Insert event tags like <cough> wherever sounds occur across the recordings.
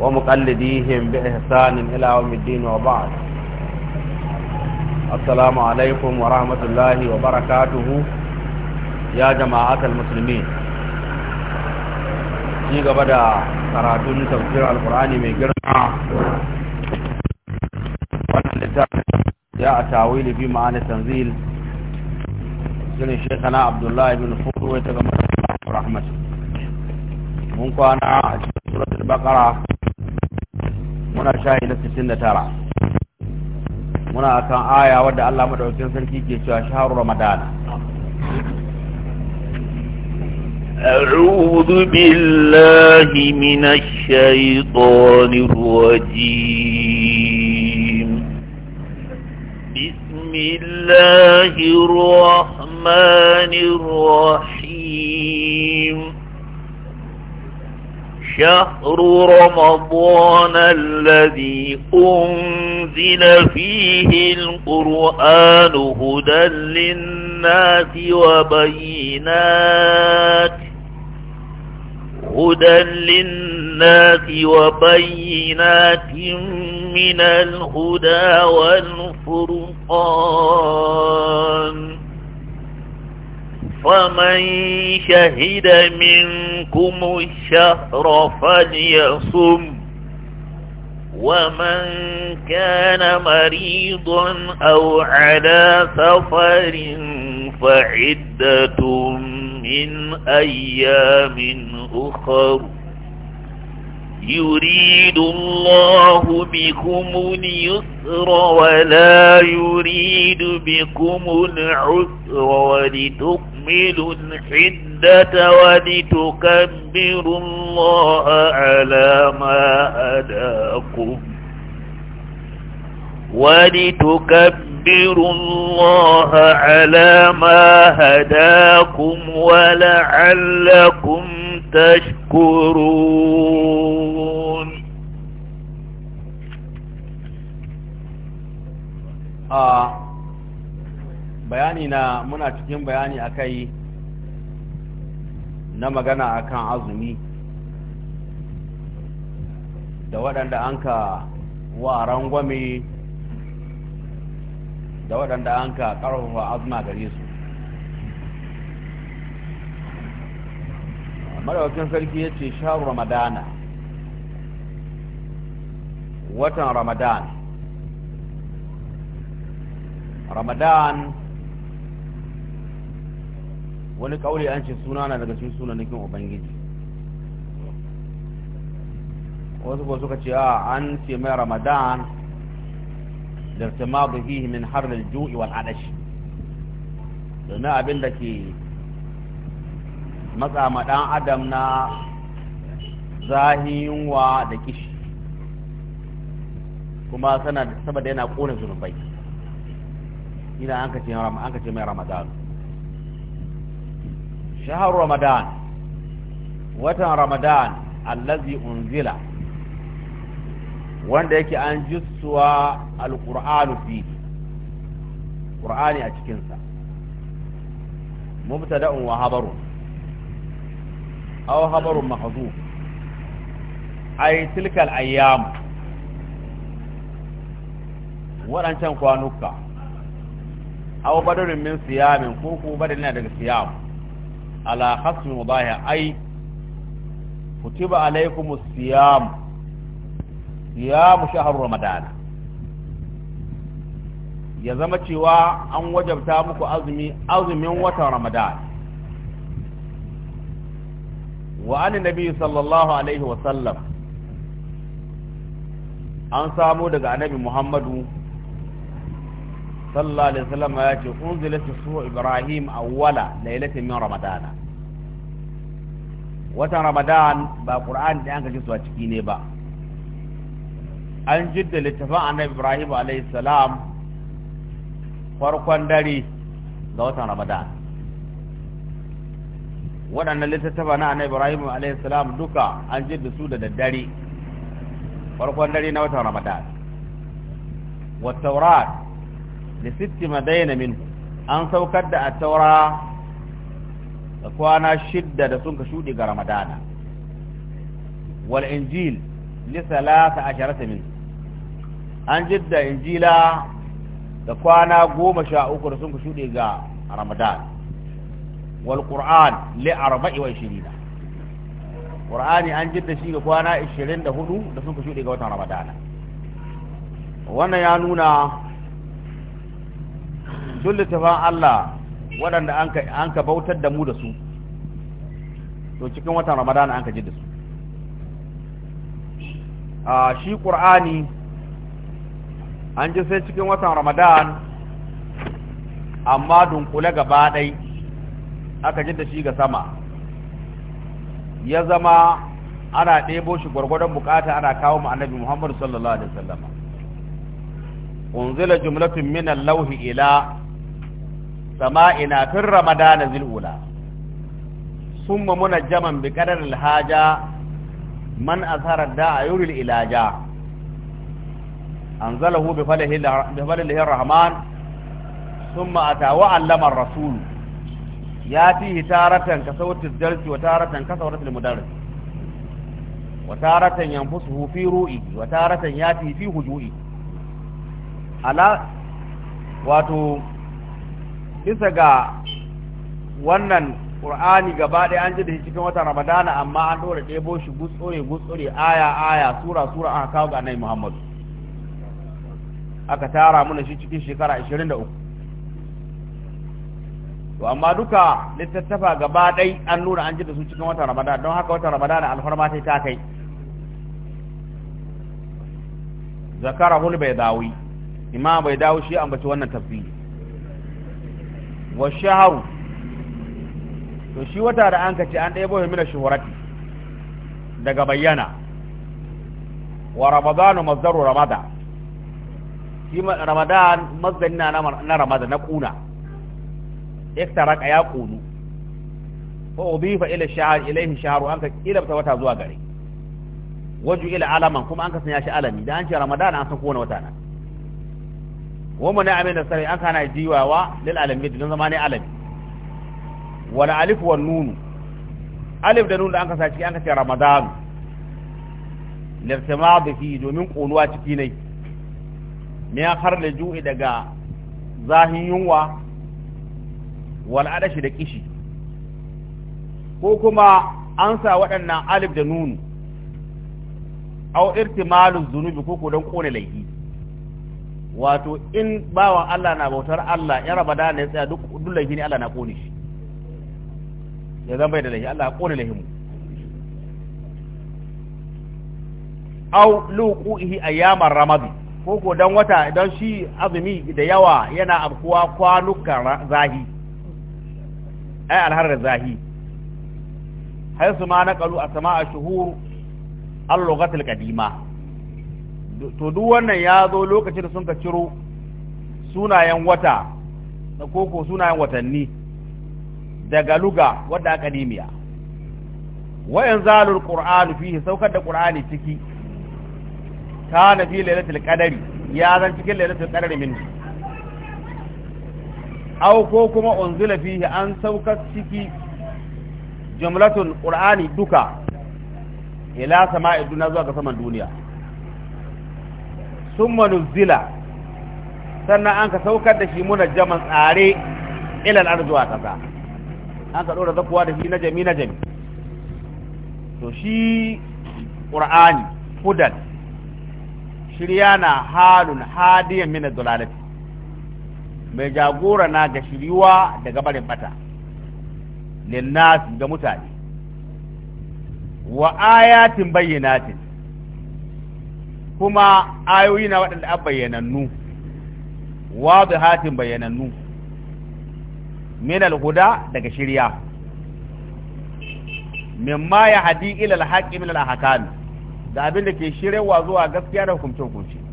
ومقلديهم بإحسان إلى يوم الدين وبعد السلام عليكم ورحمة الله وبركاته يا جماعة المسلمين شيخ بدا قراتوني تفسير القرآن من جرمع يا تاويل في معنى تنزيل جل شيخنا عبد الله بن فور ورحمته ممكن أنا سورة البقرة muna shahi na 69 muna akan aya wadda Allah madaukakin sarki ke cewa shahru ramadan أعوذ بالله من الشيطان الرجيم بسم الله الرحمن الرحيم شهر رمضان الذي أنزل فيه القرآن هدى للناس وبينات هدى للناس وبينات من الهدى والفرقان فمن شهد منكم الشهر فليصم ومن كان مريضا أو على سفر فعدة من أيام أخر يريد الله بكم اليسر ولا يريد بكم العسر ولتكملوا الحدة ولتكبروا الله على ما هداكم ولتكبروا الله على ما هداكم ولعلكم تشكرون آه muna cikin bayani akai na magana akan azumi da waɗanda an ka wa rangwame da waɗanda an ka ƙarfafa azuma gare su madawacin sarki ya ce shan ramadana watan ramadan ramadan wani kauli an ce suna na daga cikin sunanakin ubangiji wasu ko suka ce an ce mai ramadan da irtimadu fihi min harlil ju'i wal adashi domin abin da ke matsa ma ɗan adam na zahiwa da kishi kuma sana saboda yana ƙone zunubai ina an ka ce an mai ramadan shahar ramadan watan ramadan allazi unzila wanda yake an jissuwa alqur'anu fi ƙur'ani a cikinsa mubtada'un wa habarun aw habarun mahzuf ay tilkal ayyam waɗancan kwanuka aw badarin min siyamin ko ko badarin daga siyam ala hasmi mudahi ay kutiba alaykum siyam siyam shahr ramadan ya zama cewa an wajabta muku azumi azumin watan ramadan wa an nabi sallallahu alaihi wa sallam an samo daga annabi muhammadu sallallahu alaihi wasallam ya ce unzilat su ibrahim awwala lailatin min ramadana watan ramadan ba ƙur'ani da an kace su a ciki ne ba an jidda littafin annabi ibrahim alaihi farkon dare ga watan ramadan waɗannan littattafa na annabi Ibrahim alaihi salam duka an jidda su da daddare farkon dare na watan Ramadan wa Taurat li sitti madaina min an saukar da at-Taura da kwana shidda da sun ka shuɗe ga Ramadana wal Injil li salata asharata min an jidda Injila da kwana goma sha uku da sun ka shuɗe ga Ramadan wal qur'an li 24 qur'ani an jidda shi ga kwana 24 da suka shuɗe ga watan ramadana wannan ya nuna duk littafin Allah waɗanda an ka bautar da mu da su to cikin watan ramadana an ka jidda su shi ƙur'ani an ji sai cikin watan ramadan amma dunkule gaba aka da shi ga sama ya zama ana ɗebo shi gwargwadon bukata ana kawo mu annabi Muhammad sallallahu alaihi wasallam unzila jumlatun min al-lawhi ila sama'ina fi ramadan zilula summa munajjaman bi qadar al-haja man azhara da'a yuril ilaja anzalahu bi falihi bi falihi ar-rahman thumma ata wa 'allama ar ya fi taratan ka sautis darsi wa taratan ka sautis mudarris wa taratan yanfusu hu fi ru'i wa taratan ya fi fi hujui ala wato bisa ga wannan qur'ani gaba ɗaya an ji da shi cikin wata ramadana amma an dora ɗebo shi gutsore gutsore aya aya sura sura an kawo ga annabi muhammadu aka tara mana shi cikin shekara 23 to amma duka littattafa gaba ɗai an nuna an ji da su cikin watan ramadan don haka watan ramadan alfarma ta ta kai zakara hul bai dawi imam bai dawo shi ambaci wannan tafi. wa shaharu to shi wata da an kace an ɗebo shi shuhurati daga bayyana wa ramadanu mazdaru ramada shi ramadan mazdani na na ramada na kuna iktaraka ya qulu wa udifa ila sha'r ilayhi shahru an ka ilabta wata zuwa gare waju ila alaman kuma an ka sanya shi alami da an ce ramadan an san kowane wata na wa mun amin sare an kana jiwawa lil alamin dan zama ne alami wal alif wal nun alif da nun da an ka sa ciki an ka ce ramadan da fi domin kunuwa ciki ne me ya har da ju'i daga zahin yunwa wal adashi da kishi ko kuma an sa waɗannan alif da nunu au irtimalu zunubi ko ko don kone laifi wato in bawan Allah na bautar Allah ya raba da ya tsaya duk laifi ne Allah na kone shi ya zan bai da laifi Allah ya kone mu au luquhi ayyamar ramadi ko ko dan wata idan shi azumi da yawa yana abkuwa kwanukan zahi ai alharar zahi harsuma ma naqalu asma ashhur al-lughat al-qadima to duk wannan ya zo lokacin da sun ka ciro sunayen wata na koko sunayen watanni daga luga wadda akademiya wayan zalul qur'anu fihi saukar da qur'ani ciki kana fi lailatul qadari ya zan cikin lailatul qadari min au ko kuma unzila fihi an saukar ciki jumlatun qur'ani duka ila sama'i duniya zuwa ga saman duniya summa nuzila sannan an ka saukar da shi munajjaman tsare ila al-ard zuwa kasa an ka dora zakuwa da shi na jami na jami to shi qur'ani shirya na halun hadiyan min ad-dalalati mai jagora na ga shiriwa daga barin bata linnas ga mutane wa ayatin bayyanatin kuma ayoyi na waɗanda an bayyanannu hatin bayyanannu min alhuda daga shirya ma ya hadi ila alhaqi min alahkam da abin da ke shirewa zuwa gaskiya da hukunce hukunci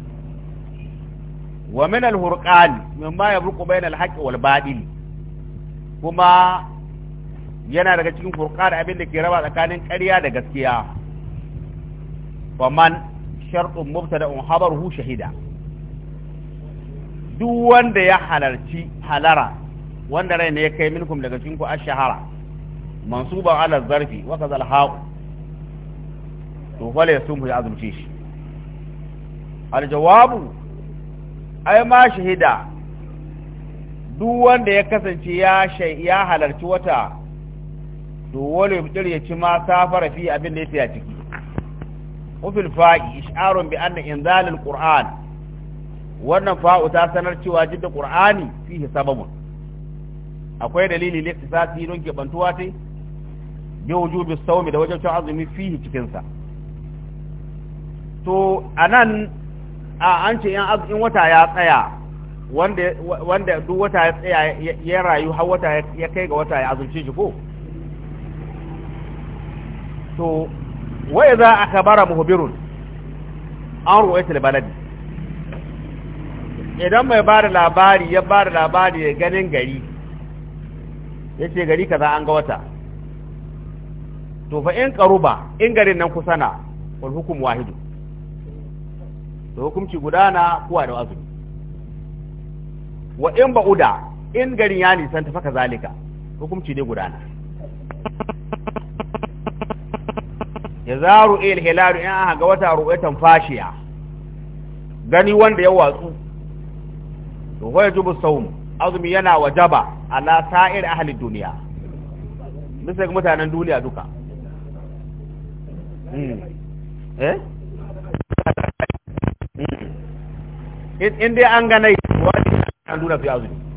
wa min al-hurqan mimma yabruqu bayna al wal kuma yana daga cikin furqan abin da ke raba tsakanin ƙarya da gaskiya wa man da unhabar hu shahida duk wanda ya halarci halara wanda rai ne ya kai minkum daga cikin ku ash-shahara mansuban ala zarfi wa kaza al-haqu to fala yasum ya azumce shi al-jawabu ai ma shahida duk wanda ya kasance ya ya halarci wata to wale mutum ya ci ma safara fi abin da ya a ciki ufil fa'i isharun bi anna inzal alquran wannan fa'u ta sanar cewa jidda qur'ani fihi sababun akwai dalili ne iktisasi don kebantuwa tai bi wujubi sawmi da wajibcin azumi fihi cikin sa to anan a an ce in wata ya tsaya wanda duk wata ya tsaya ya rayu har wata ya kai ga wata ya azumce shi ko to wai za a kabara muhbirun an ruwaitul baladi idan mai ba da labari ya ba da labari ya ganin gari ya ce gari kaza an ga wata to fa in karuba in garin nan kusana wal hukum wahidu da hukunci gudana kowa da azumi wa in ba'uda in garin ya nisan tafaka zalika hukunci dai gudana ya zaru il hilalu in aka ga wata ru'atan fashiya gani wanda ya watsu to ya jubu sawm azumi yana wajaba ala sa'ir ahli duniya bisa ga mutanen duniya duka hmm. eh in dai an ganai wani an duna fi azumi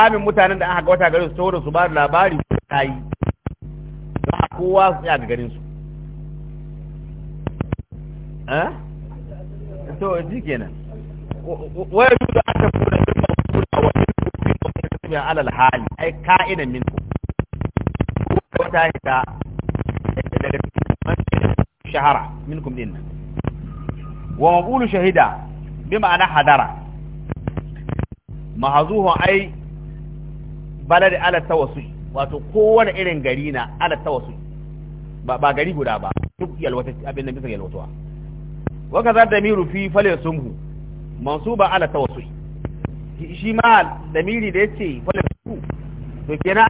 kamin mutanen da aka wata garin su tawo su ba da labari ta yi za a kowa su ya ga garin su eh to ji kenan waya su da aka fura da mafura wa ilmi ko ya alal hali ai ka'ina min wata ta daga shahara minkum din wa maqulu shahida bi ma'ana hadara mahazuhu ai Bala da ala tawassul wato kowane irin gari na ala tawassul ba ba gari guda ba duk yalwata abin da bisa yalwatuwa wa kaza damiru fi fal sumhu mansuba ala tawassul shi ma damiri da yace fal sumhu to kenan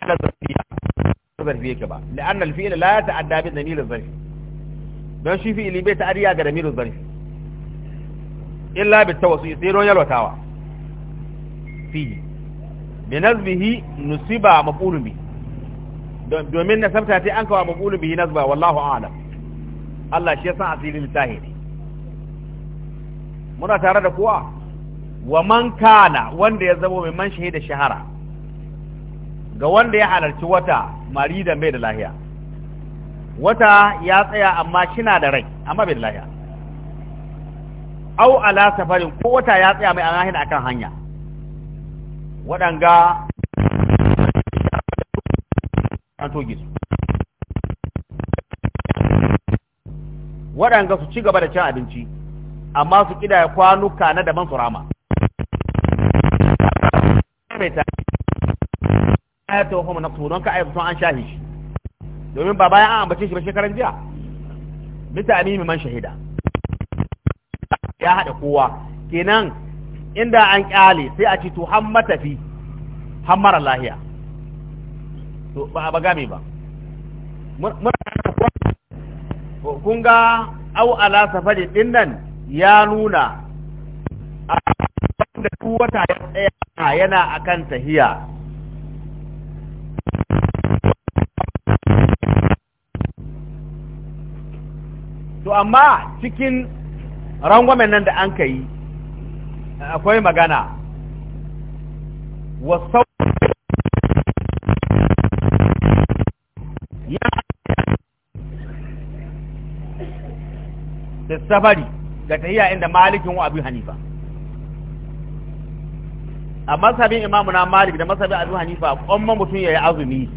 ala zarfiya zarfi yake ba la'anna al-fi'l la ta'adda bi damir zarfi don shi fi'ili bai ta'addiya ga damir zarfi illa bi tawassul sai don yalwatawa fi binazbihi nusiba maqulun bi domin nasabta ta an kawo maqulun bihi nazba wallahu a'lam Allah shi yasa asirin tahiri muna tare da kuwa wa man kana wanda ya zama mai man shahida shahara ga wanda ya halarci wata mari da mai da lahiya wata ya tsaya amma shina da rai amma bai da lahiya au ala safarin ko wata ya tsaya mai an akan hanya waɗanga an toge su waɗanga su ci gaba da cin abinci amma su ƙidaya kwanuka na daban su rama ya ta hukumar na don ka aibutun an shahi shi domin ba bayan an ambace shi ba shekaran jiya mita amini man shahida ya haɗa kowa kenan inda an kyale sai a ci to han matafi han mara lahiya to ba a bagame ba kun ga au ala safari din nan ya nuna a da wata ya tsaya yana kan tahiya to amma cikin rangwamen nan da an ka yi akwai magana wasau ya da safari ga tahiya inda malikin wa abu hanifa a masabin imamu na malik da masabin abu hanifa kwamma mutum ya yi azumi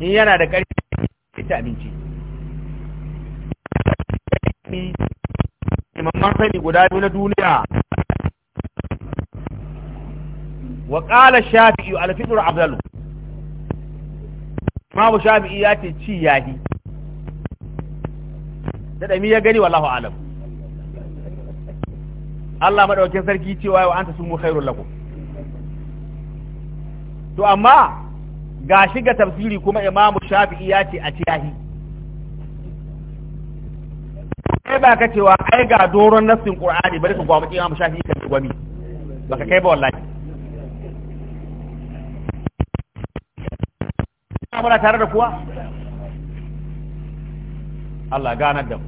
in yana da ƙarfi ita abinci imamman sani guda biyu na duniya wa qala shafi'i al-fitr afdalu imamu shafi'i ya ce ci ya yi. dami ya gani wallahu alam Allah madaukakin sarki cewa wa sun sumu khairul lakum to amma ga shi ga tafsiri kuma imamu shafi'i ya ce a ci ya kai ba ka cewa ai ga doron nassin qur'ani bari ka gwamnati imamu shafi'i kan gwami baka kai ba wallahi muna tare da kuwa Allah ganar da mu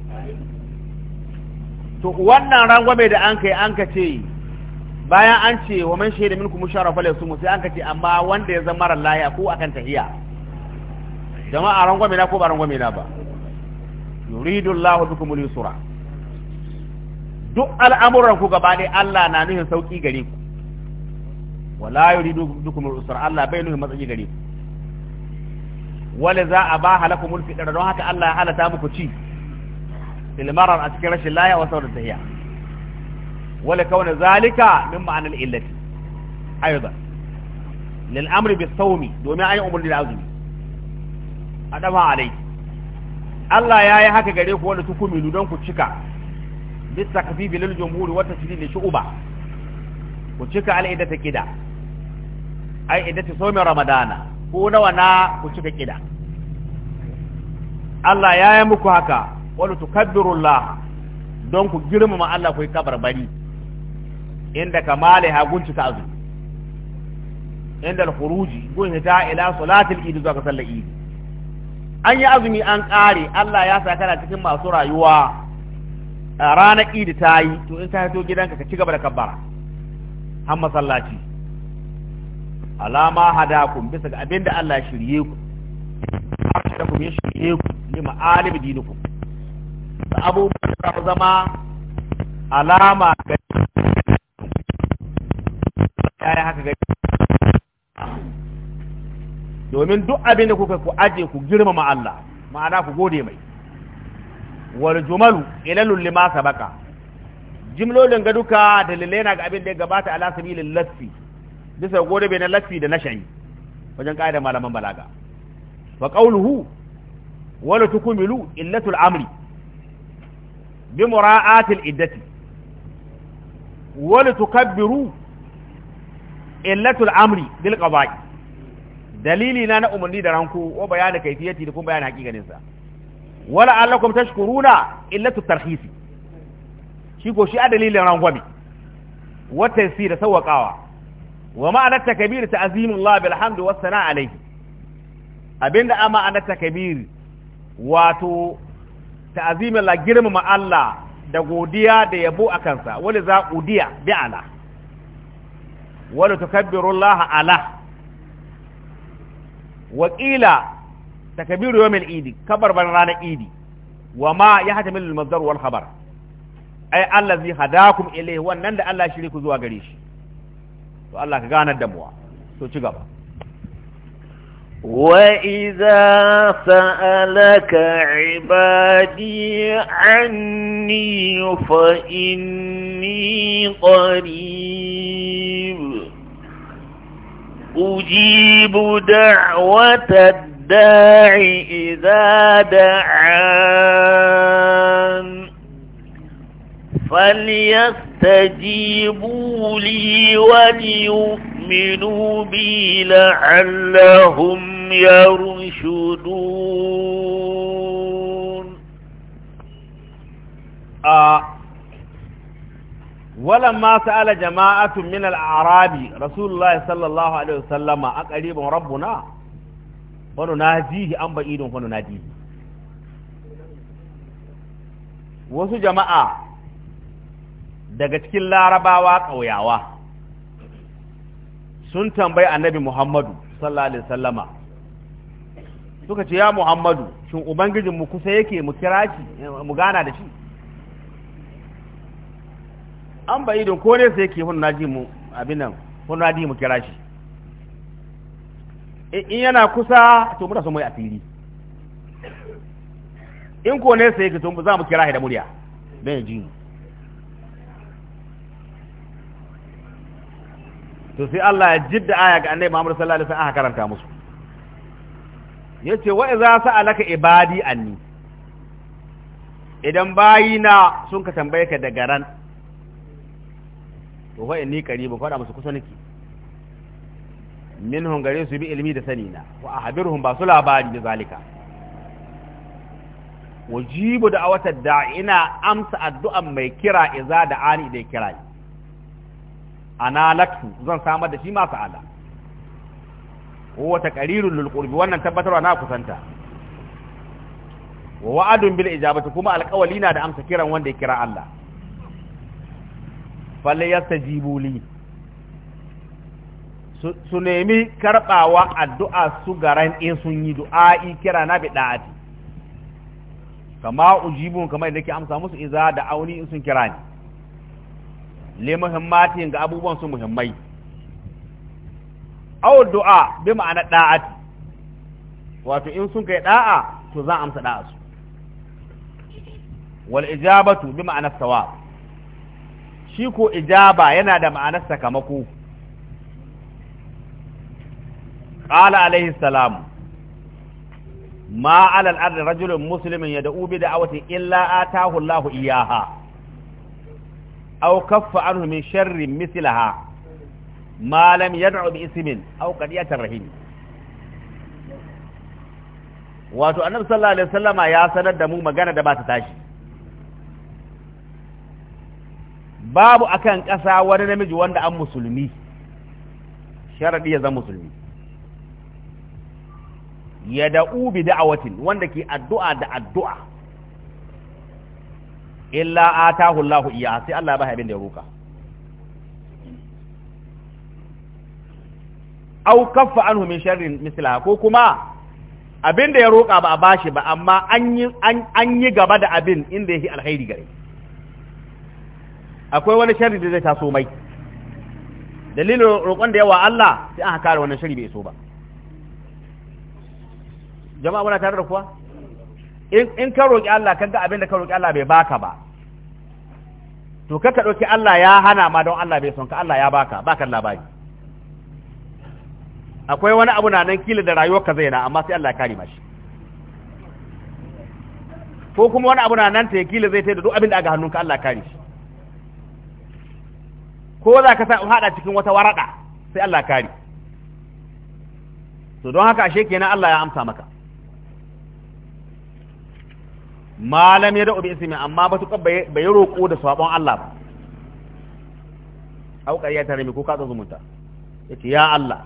to wannan rangwame da an kai an ka ce bayan an ce wa man shaida minku mushara fa su sai an ka ce amma wanda ya zama ran laya ko akan tahiya jama'a rangwame na ko ba rangwame na ba yuridu Allahu bikum al-yusra duk al'amuran ku gaba ne Allah na nuhin sauki gare ku wala yuridu bikum al-usra Allah bai nuhin matsayi gare ku wale za a ba halakumul fidar don haka Allah ya halata muku ci ilmarar a cikin rashin laya wasu da tahiya wale kauna zalika min ma'anar illati ayyuban lil amri bis sawmi domin an yi umarni da azumi a adama alai Allah ya yi haka gare ku wanda tukumilu don ku cika bisa takfifi lil jumhuri wa tashdid li shu'ba ku cika ta kida ai idata saumin ramadana ko nawa na ku cika kida Allah ya yi muku haka wani tukabbirullah don ku girmama Allah ku yi bari. inda kamale ha gunci ta azumi inda al-khuruji gun hita ila salatil idi zuwa sallar idi an yi azumi an kare Allah ya sa kana cikin masu rayuwa a ranar idi ta yi to in ka hato gidanka ka ci gaba da kabbara har masallaci alama hadakum bisa ga abinda Allah shirye ku da shirye ku fi ma'alim dinikum da abubuwan da zama alama ga yi haka ga domin duk abin da kuka ku aje ku girmama Allah ma'ana ku gode mai wal jumalu ilalul lima sabaka jimlolin ga duka dalilai na ga abin da ya gabata ala sabilin lasfi bisa gode bai na lasfi da na shayi wajen ƙa'idar malaman balaga wa qauluhu wala tukumilu illatul amri bi mura'atil iddati wala tukabbiru illatul amri bil qada'i dalili na na umarni da ranku ko bayanin kaifiyati da kuma bayanin hakikanin sa wala allakum tashkuruna illatul tarhisi shi ko shi a dalilin rangwami wa taysir sawqawa wa ma'anar takabir ta'zimullah bil hamd was sana alayhi abinda amma anar takabir wato ta'azimin la girmama Allah da godiya da yabo a kansa wani za udiya bi ala wani tukabbiru Allah ala wakila takbiru yawmil idi kabar ban ranar idi wa ma ya hata min ai wal khabar ai allazi hadakum ilai wannan da Allah ku zuwa gare shi to Allah ka ganar damuwa to ci gaba وَإِذَا سَأَلَكَ عِبَادِي عَنِّي فَإِنِّي قَرِيبٌ أُجِيبُ دَعْوَةَ الداعي إِذَا دَعَانِ فَلْيَسْتَجِيبُوا لِي وَلْيُؤْمِنُوا ليؤمنوا بي لعلهم يرشدون آه. ولما سأل جماعة من الأعراب رسول الله صلى الله عليه وسلم أقريب ربنا ونناديه أم بعيد ونناديه wasu jama'a daga cikin larabawa ƙauyawa sun tambayi annabi Muhammadu sallallahu alaihi sallamah suka ce ya Muhammadu shin ubangijin mu kusa yake mu kira shi mu gana da shi an bai don ko ne sai yake hun naji mu abin nan hun naji mu kira shi e, in yana kusa to muna so mu asiri in ko ne sai yake to za mu kira shi da murya don ji mu to sai Allah ya jidda aya ga annabi Muhammad sallallahu alaihi wasallam aka karanta musu yace wa idza sa'alaka ibadi anni idan bayina sun ka tambaye ka daga ran to fa inni qarib fada musu kusa nake minhum gare su bi ilmi da sani na wa ahbirhum ba su labari da zalika wajibu da awata da ina amsa addu'an mai kira idza da ani da kira ana laktu zan samar da shi ma sa'ala wata qarirul lil qurbi wannan tabbatarwa na kusanta wa wa'adun bil ijabati kuma alƙawali na da amsa kiran wanda ya kira Allah falle yastajibu li su nemi karbawa addu'a su garan in sun yi du'a'i kira na bi da'ati kama ujibun kamar da nake amsa musu iza da auni in sun kira ni Le muhimmatin ga abubuwan su muhimmai aw du'a bi ma'ana da'ati wato in sun kai da'a to za amsa da'a su wal ijabatu bi ma'ana sawab shi ko ijaba yana da ma'anar sakamako qala alaihi salam ma ala al-ardi rajulun muslimin yad'u bi da'awati illa atahu Allahu iyyaha aw kaffa anhu min sharri mislaha ma lam yad'u bi ismin aw qadiyatar rahim wato annabi sallallahu alaihi wasallama ya sanar da mu magana da ba ta tashi babu akan ƙasa wani namiji wanda an musulmi sharadi ya zama musulmi ya da'u bi da'awatin wanda ke addu'a da addu'a illa atahu Allahu iya sai Allah ya abin da ya roka aw kaffa anhu min sharrin misla ko kuma abin da ya roka ba a bashi ba amma an yi an yi gaba da abin inda yake alkhairi gare akwai wani sharri da zai taso mai dalilin roƙon da yawa Allah sai aka kare wannan sharri bai so ba jama'a muna tare da kuwa in ka roƙi Allah ka ga abin da ka roƙi Allah bai baka ba to ka ka ɗauki Allah ya hana ma don Allah bai son ka Allah ya baka baka labari akwai wani abu na nan kila da ka zai na amma sai Allah ya kare mashi ko kuma wani abu na nan ta kila zai da duk abin da aga ka Allah ya kare shi ko za ka sa hada cikin wata warada sai Allah ya kare to don haka ashe kenan Allah ya amsa maka malam ya da'u bi ismi amma ba tuka bai roƙo da sabon Allah ba au ƙarya ta rami ko ka zumunta yace ya Allah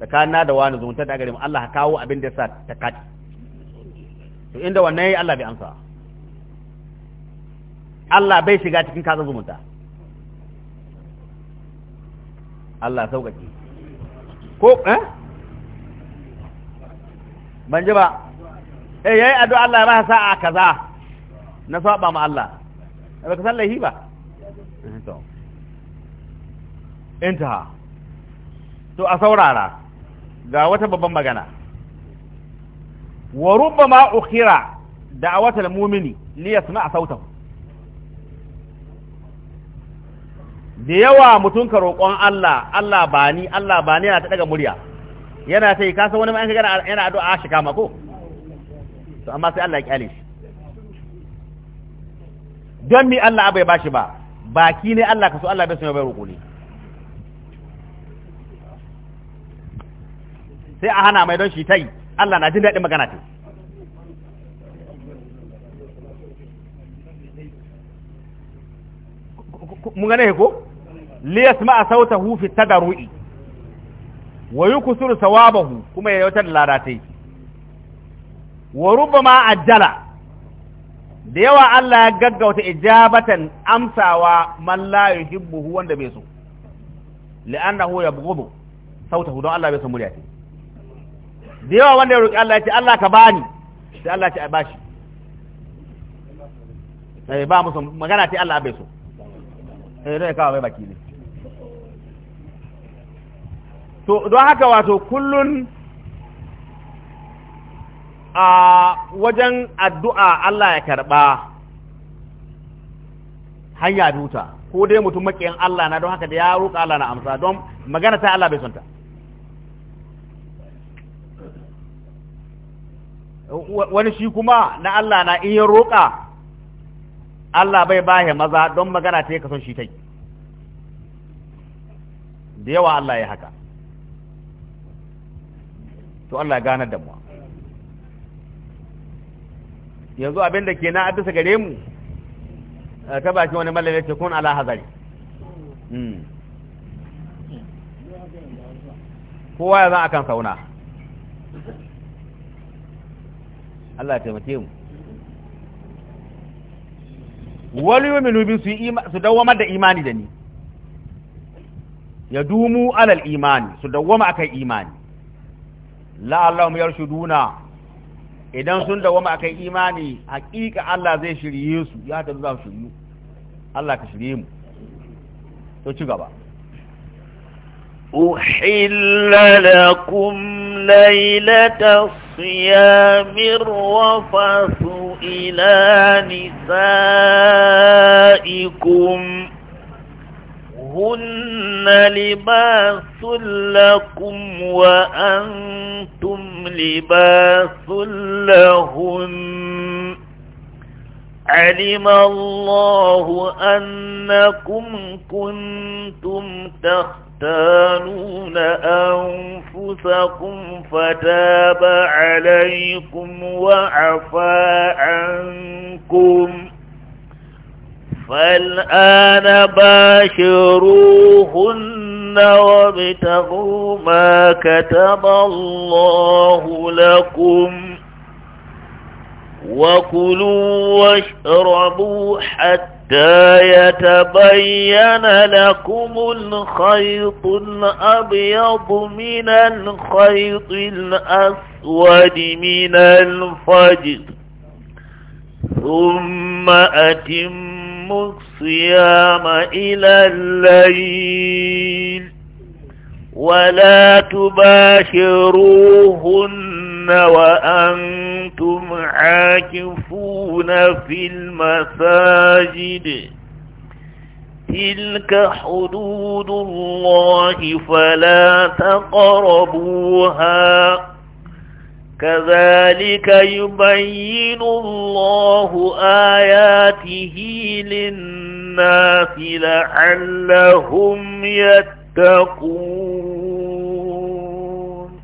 tsakanina da wani zumunta da gare mu Allah ka kawo abin da sa ta kati to inda wannan yayi Allah bai amsa Allah bai shiga cikin kaza zumunta Allah sauƙaƙe ko eh ban ji ba eh yayi addu'a Allah ya ba sa'a kaza na saba ma Allah baka san laifi ba eh, to intaha to a saurara ga wata babban magana wa rubbama ukhira da'awatul mu'mini li yasma'a sautahu da yawa mutum ka roƙon Allah Allah bani Allah bani yana ta daga murya yana sai ka san wani ma in ka yana addu'a shi kama ko to amma sai Allah ya kyale shi don mi Allah abai bashi ba baki ne Allah ka so Allah bai so bai roƙo ne sai a hana mai don shi tai Allah na jin daɗin magana ta mun gane ko liyasma sautahu fi tadaru'i wa yuksuru sawabahu kuma ya yautar da ladatai wa rubama ajjala da yawa Allah ya gaggauta ijabatan amsawa man la yuhibbu wanda bai so li'annahu yabghudu sautahu don Allah bai so murya da yawa wanda ya roki Allah ya ce Allah ka bani sai Allah ya ce a bashi sai ba eh, musu magana ce Allah bai so sai eh, dai kawo bai baki ne to don haka wato kullun a wajen addu'a Allah ya karɓa hanya duta ko dai mutum makiyan Allah na don haka da ya roƙa Allah na amsa don magana ta Allah bai sonta wani shi kuma na Allah na iya roƙa Allah bai bahe maza don magana ta ya son shi yi da yawa Allah ya haka to Allah ya ganar da mu yanzu abin da ke na a bisa gare mu ta bakin wani mallam ya ce kun ala hazari hmm. kowa ya zan akan sauna Allah taimake mu wani yi minubi su yi da imani da ni ya dumu alal imani su dawama akan imani la'allahu Allah mu duna idan sun dawama akan imani hakika Allah zai shirye su ya ta za su shiryu Allah ka shirye mu to ci gaba أحل لكم ليلة الصيام الرفث إلى نسائكم هن لباس لكم وأنتم لباس لهن علم الله أنكم كنتم تختانون أنفسكم فتاب عليكم وعفى عنكم فالآن باشروهن وابتغوا ما كتب الله لكم وكلوا واشربوا حتى يتبين لكم الخيط الأبيض من الخيط الأسود من الفجر ثم أتم أتموا الصيام إلى الليل ولا تباشروهن وأنتم عاكفون في المساجد تلك حدود الله فلا تقربوها كذلك يبين الله آياته للناس لعلهم يتقون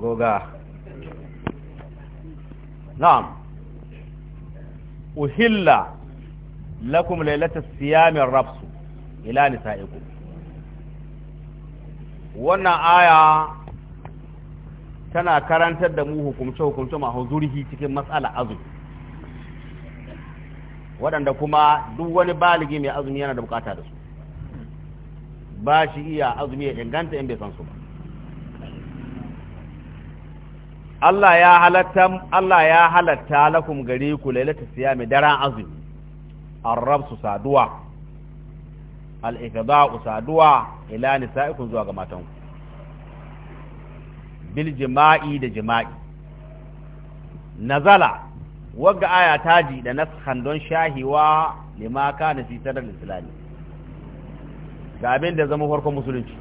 جوجا نعم أهل لكم ليلة الصيام الرفس إلى نسائكم wannan آية tana karantar da mu hukumce hukumce mahu huzurhi cikin matsala azumi waɗanda kuma duk wani baligi mai azumi yana da bukata da su ba shi iya azumi ya inganta in bai san su ba Allah ya halatta Allah ya halatta lakum gare ku lailata siyami daren azumi arrabsu saduwa al-ifda'u saduwa ila nisa'ikum zuwa ga matanku bil jima'i da jima'i nazala wagga aya taji da nashan don shahiwa lima kana fi sadar islami ga abin da zama farkon musulunci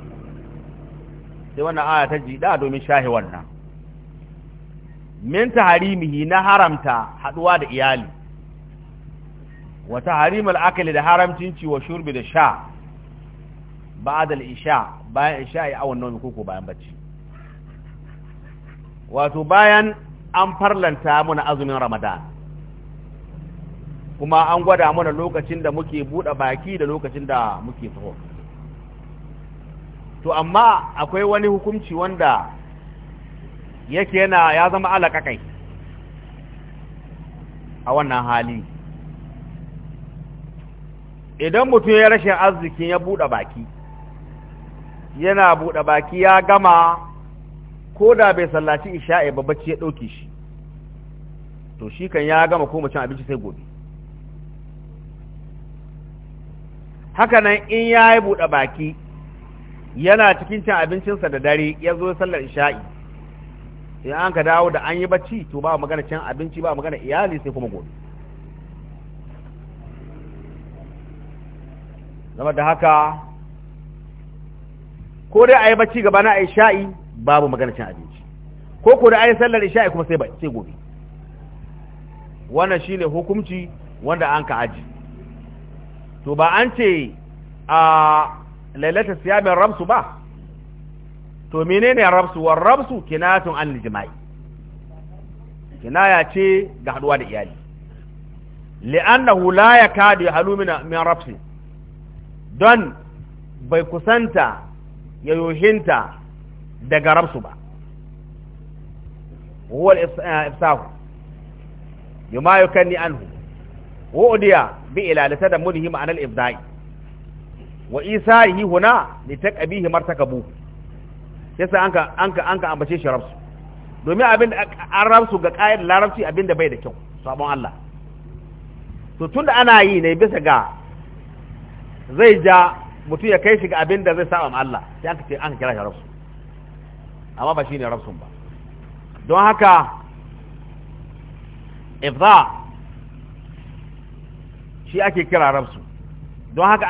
sai wannan aya ta jida domin shahi wannan min taharimihi na haramta haduwa da iyali wa harimar al-akli da haramcin ci wa shurbi da sha ba'da al-isha bayan isha ya awon nomi koko bayan bacci wato bayan an farlanta muna azumin ramadan kuma an gwada muna lokacin da muke buɗe baki da lokacin da muke tsoho to amma akwai wani hukunci wanda yake yana ya zama alaƙa kai a wannan hali idan mutum ya rashin arzikin ya buɗe baki yana buɗe baki ya gama ko da bai sallaci isha'i ba bacci ya ɗauke shi to shi kan ya gama ko cin abinci sai gobe haka nan in ya yi buɗe baki yana cikin cin abincinsa da dare ya zo sallar isha'i in an ka dawo da an yi bacci to ba magana cin abinci ba magana iyali sai kuma gobe zama da haka ko dai a yi bacci gaba na isha'i babu magana cin abinci ko ko da ayi sallar isha'i kuma sai sai gobe wannan shine hukunci wanda an ka aji to ba an ce a lailata siyamin ramsu ba to menene ramsu war ramsu kinatun an jima'i kinaya ce ga haduwa da iyali li'annahu la yakadu yahalu min min rafsi don bai kusanta ya yohinta daga rabsu ba huwa al-ifsahu eh, yuma yukanni anhu wa udiya bi ila litadammuhi ma'ana al-ibda'i wa isaihi huna litaqabihi martakabu yasa anka anka anka ambace shi rabsu domin abin da an rabsu ga kayan larabci abin da bai da kyau sabon Allah to tunda ana yi ne bisa ga zai ja mutum ya kai shi ga abin da zai saba Allah sai aka ce an kira shi rabsu amma ba shi ne rabsun ba don haka ifza shi ake kira rabsu don haka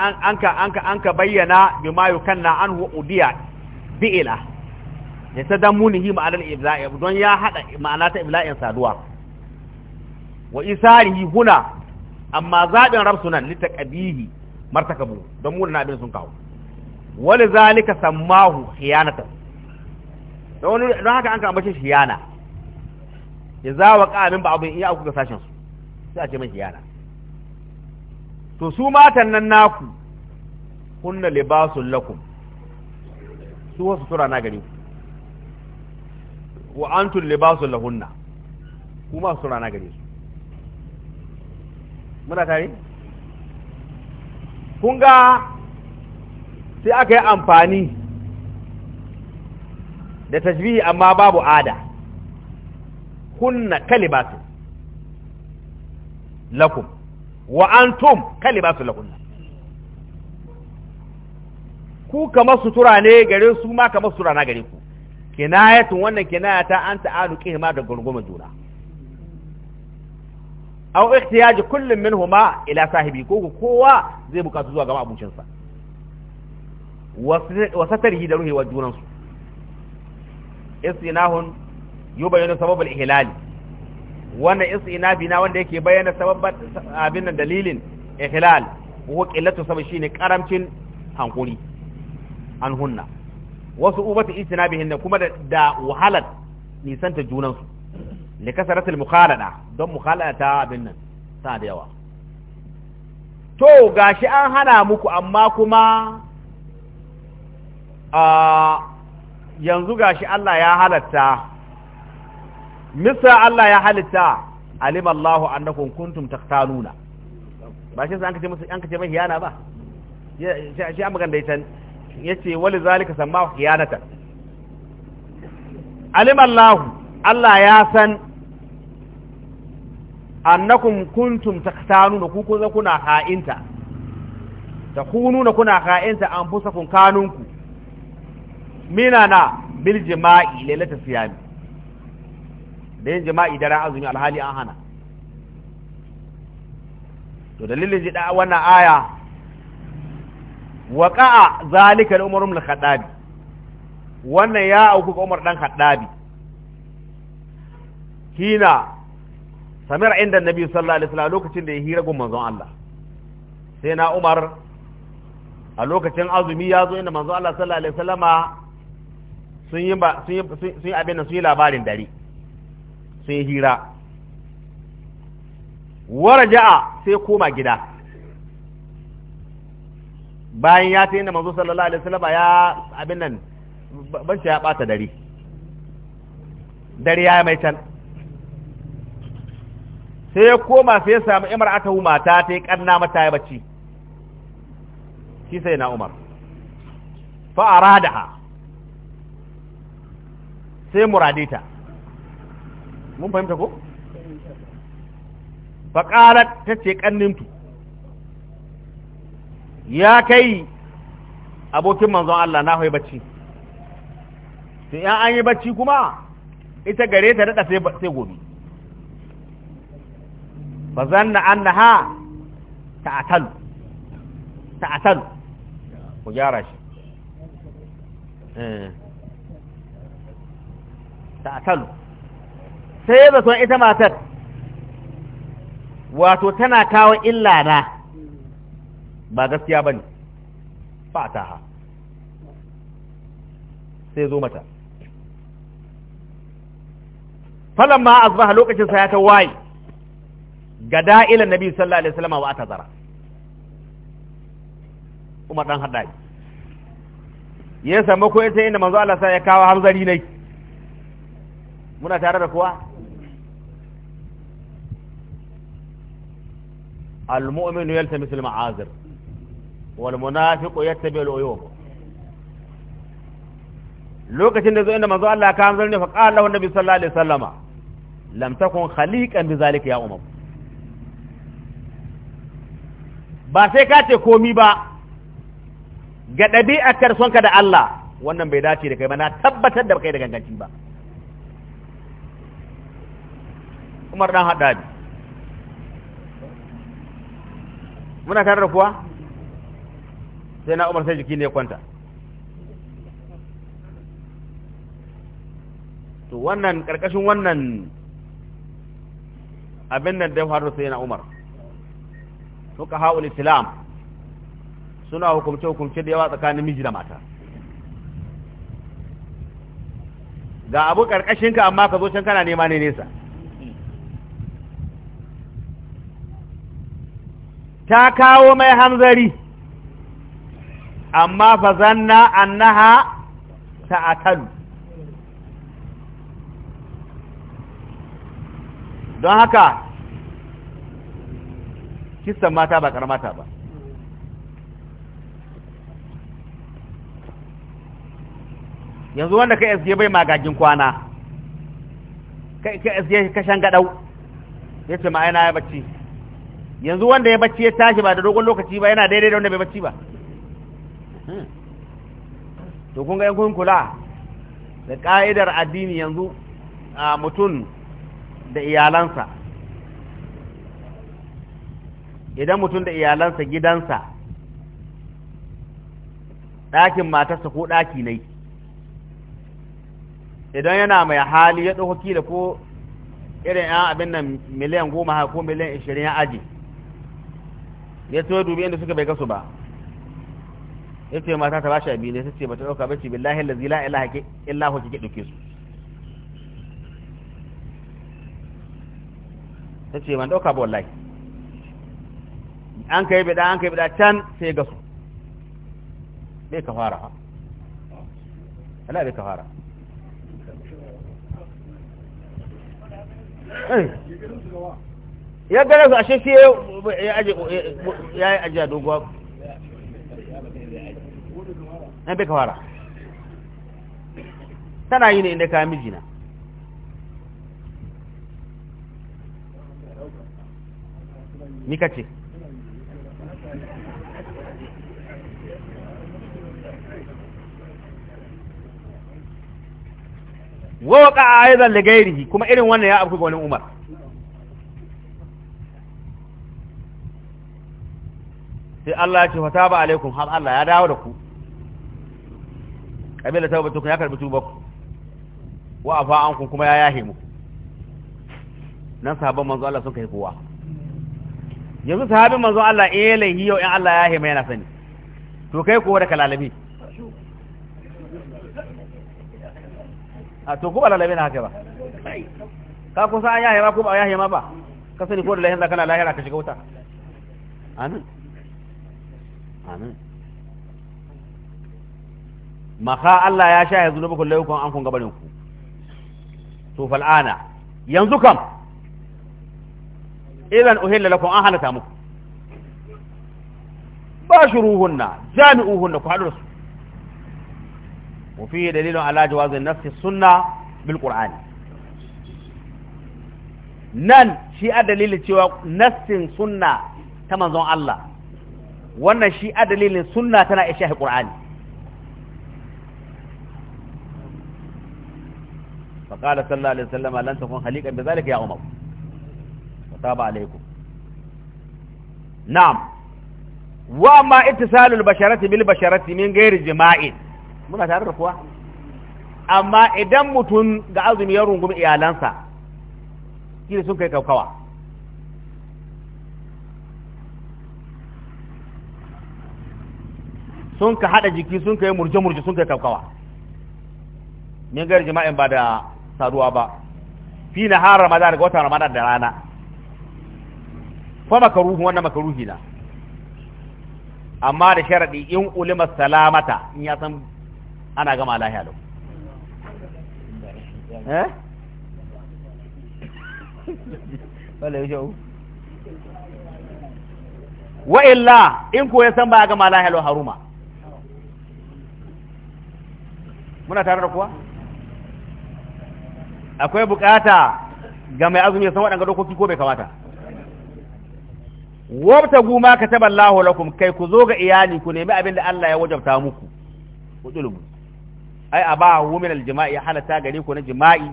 an ka bayyana bima yukanna anhu udiya bi'ila ya tadammunihi ma'anar ibla'i don ya haɗa ma'ana ta ibla'in saduwa wa isarihi huna amma zaɓin rabsunan litaqabihi martakabu don muna abin sun kawo wani zalika sammahu khiyanatan da wani don haka an ka ambace shi ya za wa ƙamin ba abin iya kuka sashen su sai a ce mai yana to su matan nan naku kunna libasun lakum su wasu tura na gari ku wa antum libasun lahunna kuma su tura na gari su muna tare kun ga sai aka yi amfani da tajbihi amma babu ada kunna kalibatu lakum wa antum kalibatu lakum ku kamar sutura ne gare su ma kamar sutura na gare ku kinayatun wannan kinaya ta an ta'alu qihma da gurguma juna aw kull kullum huma ila sahibi ko kowa zai bukatu zuwa ga abucinsa wasatarhi da ruhewa junansu istinahun yubayyana sababul ihlali wannan istinafi na wanda yake bayyana sababban abin nan dalilin ihlal ko qillatu sabab shine karamcin hankuri an hunna wasu ubatu istinabihin kuma da, da wahalat nisanta junan su li kasaratil mukhalada don mukhalada ta abin nan sa da yawa to gashi an hana muku amma kuma a ah, yanzu gashi Allah ya halatta misa Allah ya halitta alim Allah annakum kuntum taqtanuna ba shi sai an kace musu an kace mai hiyana ba shi an magana dai can yace wali zalika samma hiyanatan alim Allah Allah ya san annakum kuntum taqtanuna ku kun kuna ha'inta takununa kuna ha'inta anfusakum kanunku mina na bil jima'i lailata siyami da yin jima'i daren azumi alhali an hana to dalilin da wannan aya waqa'a zalika li umar ibn khattab wannan ya auku ga umar dan khattabi hina samira inda nabi sallallahu alaihi wasallam lokacin da ya hira gun manzon Allah sai na umar a lokacin azumi ya zo inda manzon Allah sallallahu alaihi wasallama sun yi abin nan sun yi labarin dare sun yi hira wara ja'a sai koma gida bayan ya ta da manzo sallallahu alaihi wasallam ya abin nan ban ya bata dare dare ya mai can sai ya koma sai ya samu imar aka hu mata ta yi kanna mata ya bacci shi sai na umar fa'ara da ha sai murade ta mun fahimta ko faƙarar ta ce ƙannintu ya kai abokin manzon Allah na hoi bacci sai ya an yi bacci kuma ita gare ta daɗa sai gobe ba zan na an ha ta'atalu ku gyara shi eh. ta a sai ya zaton ita matar wato tana kawo illa na ba gaskiya bane ha sai zo mata Falon ma azbaha lokacin sa ya ta waye ga da'ilan nabi sallallahu alaihi wasallam wa zara Umar dan haɗari ya samu ko ita inda manzo Allah sa ya kawo hamzari ne. muna tare da kuwa المؤمن wal munafiqu yattabi al-uyub lokacin da zo inda manzo Allah ka amsar ne fa qala lahu nabi sallallahu alaihi wasallama lam takun khaliqan bi zalika ya umar ba sai ka ce komi ba ga dabi'a karsonka ka da Allah wannan bai dace da kai ba na tabbatar da kai da ganganci ba umar dan haddadi muna tare da kuwa sai na umar sai jiki ne kwanta to wannan karkashin wannan abin nan da ya faru sai na umar suka ni islam suna hukumce hukumce da yawa tsakanin miji da mata ga abu karkashinka amma ka zo can kana nema ne nesa ta kawo mai hanzari amma fa zanna annaha ta'atalu don haka kistan mata ba karmata ba yanzu wanda ka sg bai magagin kwana ka sg kashan gadau ya ce ma'aina ya bacci yanzu wanda ya bacci ya tashi ba da dogon lokaci ba yana daidai da wanda bai bacci ba to kun ga yan kun kula da ka'idar addini yanzu a mutum da iyalansa idan mutum da iyalansa gidansa ɗakin matarsa ko ɗaki ne idan yana mai hali ya ɗauka kila ko irin 'yan abin nan miliyan goma ko miliyan ishirin ya aji ya to dubi inda suka bai kasu ba ya ce mata ta bashi abi ne ta ce ba ta ɗauka ba ce billahi lazi la ilaha illa hu kike ɗauke su ta ce ban ɗauka ba wallahi an kai bida an kai bida can sai gasu bai ka fara ha Allah bai ka fara eh ya gara su ashe shi ya yi ajiya doguwa na bai kawara tana yi ne inda kayan mijina ni ka ce wa a aizan da gairihi kuma irin wannan ya abu ga wani umar sai Allah ya ce fa taba alaikum har Allah ya dawo da ku da tawbatu kun ya karbi tuba ku wa afa ankum kuma ya yahe mu nan sahabban manzo Allah sun kai kowa yanzu sahabin manzo Allah eh lahi yau in Allah ya yahe mai yana sani to kai kowa da kalalabi a to ko kalalabi lalabi na haka ba ka kusa an yahe ma ko ba yahe ma ba ka sani ko da lahi da kana lahira ka shiga wuta anan amin maka Allah ya sha ya zunuba kullai kun an kun gabarin ku to fal'ana yanzu kam idan uhilla lakum an halata muku bashuruhunna jami'uhunna ku haɗu su وفيه دليل على جواز النفس السنة بالقرآن نان شيء دليل cewa nassin sunna ta manzon Allah wannan shi a sunna tana iya shahi qur'ani fa sallallahu alaihi wasallam zalika ya umar wa taba alaikum na'am wa ma ittisalul basharati bil basharati min ghairi jima'i. muna tare da kuwa amma idan mutum ga azumi ya rungumi iyalansa kila sun kai kaukawa sun ka haɗa jiki sun ka yi murje-murje sun ka yi kawkawa min gari jima'in ba da saduwa ba fi na har ramadan ga watan ramadan da rana fa makaruhu wannan makaruhi na amma da sharadi in ulima salamata in ya san ana gama lahiya lau eh <laughs> wa illa in ko ya san ba gama lahiya haruma muna tare da kuwa akwai bukata ga mai azumi san waɗanga dokoki ko bai kamata wabta guma ka taba Allahu lakum kai ku zo ga iyali ku nemi abin da Allah ya wajabta muku udulubu ai aba min aljima'i ya halatta gare ku na jima'i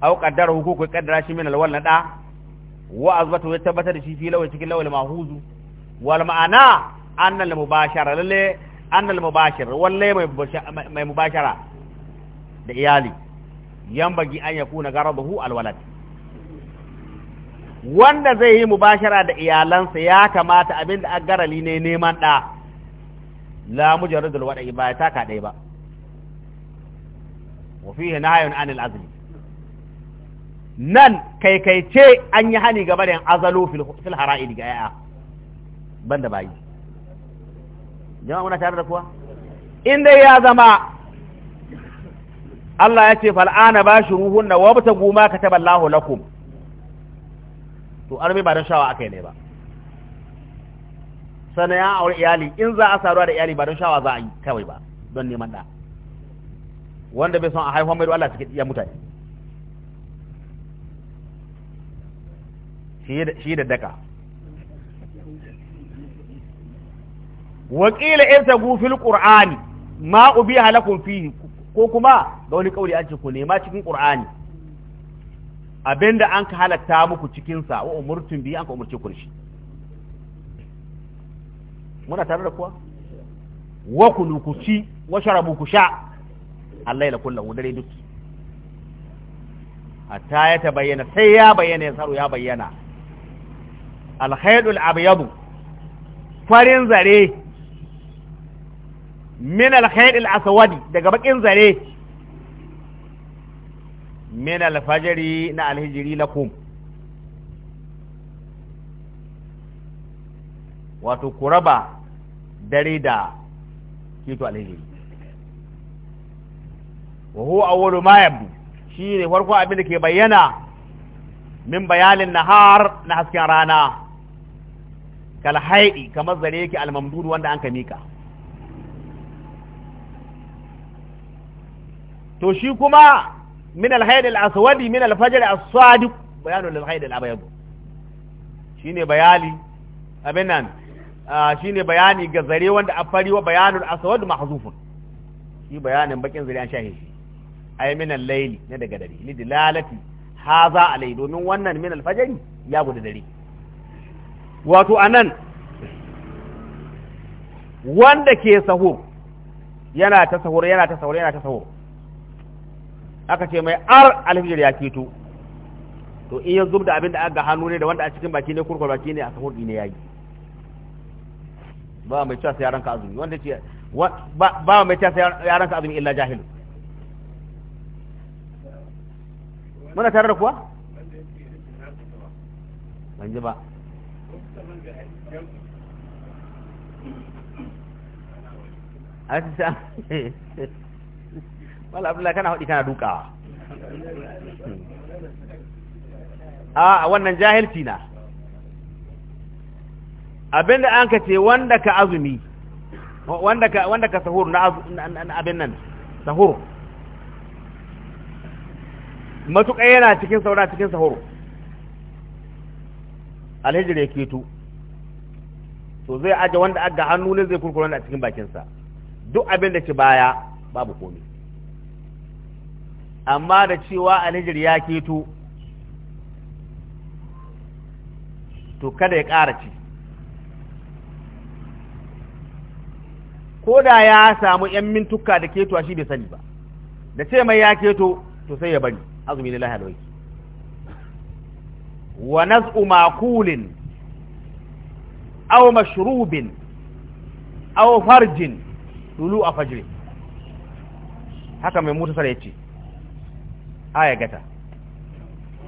aw qaddara ku ku qaddara shi min alwal na wa azbatu ya tabbatar da shi fi lawai cikin lawal mahuzu wal ma'ana annal mubashara lalle annal mubashir walle mai mubashara da iyali Yan yambagi an yakuna al alwalad wanda zai yi mubashara da iyalansa ya kamata abin da agarali ne neman ɗa la mujarradul wada'i ba ta ka dai ba wa fihi nahyun anil azumi. nan ce an yi hani gaba da azalu fil haraidi ga yaya banda bayi jama'a muna tare da kuwa in dai ya zama Allah ya ce fal'ana ba shi ruhun na wabta guma ka taɓa lahu lakum to arme ba don shawa aka yi ne ba sannan ya aure iyali in za a saruwa da iyali ba don shawa za a yi kawai ba don neman ɗa wanda bai son a haihuwa mai Allah suke iya mutane shi da daka wakila irtagu fil qur'ani ma ubiha lakum fihi ko kuma ga wani kauli an ce ku nema cikin qur'ani abinda an ka halatta muku cikin sa wa umurtum bi an ka umurce ku shi muna tare da kuwa wa kulu ku ci wa sharabu ku sha Allah ya kullu dare duk hatta ya tabayyana sai ya bayyana ya saru ya bayyana alhaidul abyadu farin zare من الخير الأسود دقا بكين زري من الفجر نا الهجري لكم واتو كربا دريدا كيتو الهجري وهو أول ما يبدو شير ورقو أبنك يبينا من بيان النهار نحس كرانا كالحيئي كمزريك الممدود وانا أنك ميكا ميكا to shi kuma min al-hayd al-aswad min al-fajr as-sadiq bayanu lil-hayd al-abyad shine bayani abin nan shine bayani ga zare wanda a fari wa bayanul aswad mahzufun shi bayanin bakin zare an shahe shi ay min al-layli ne daga dare li dilalati haza alai domin wannan min al-fajr ya gudu dare wato anan wanda ke sahur yana ta sahur yana ta sahur yana ta sahur aka ce mai ar alfijir ya keto to in ya zub da abin da aka hannu ne da wanda a cikin baki ne kurkur baki ne a kan hurɗi ne ya yi ba mai cewa sai yaran azumi wanda ce ba mai cewa sai yaran ka azumi illa jahil muna tare da kuwa ban ji ba a <laughs> wala abdullahi kana hudi kana dukawa hmm. a wannan jahilci na abinda an ka ce wanda ka azumi wanda ka wanda ka sahur na abin nan sahur matuƙa yana cikin saura cikin sahur alhijir ya keto to zai aje wanda aga hannu ne zai kurkura a cikin bakinsa duk abin da ci baya babu komi amma da cewa alhijir ya keto to kada ya ƙara ci ko da ya samu 'yan mintuka da keto shi bai sani ba da ce mai ya keto to sai ya bari azumi lillahi alwaki wa naz'u makulin aw mashrubin aw farjin tulu a fajri haka mai mutasar ya ce aya gata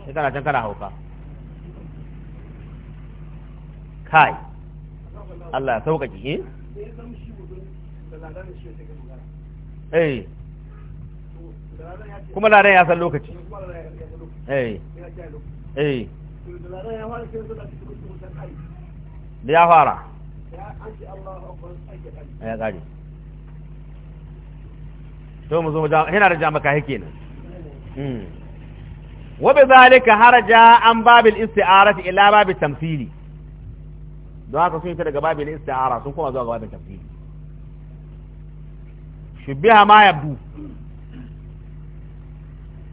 sai kana can kana hauka kai Allah ya sauƙaƙe eh eh kuma ladan ya san lokaci eh eh da ya fara ya ƙari to mu zo mu yana da jamaka kenan Hmm. wa bi zalika haraja an babil isti'arati ila babil tamthili don haka sun yi daga babil isti'ara sun koma zuwa babil tamthili shubbiha ma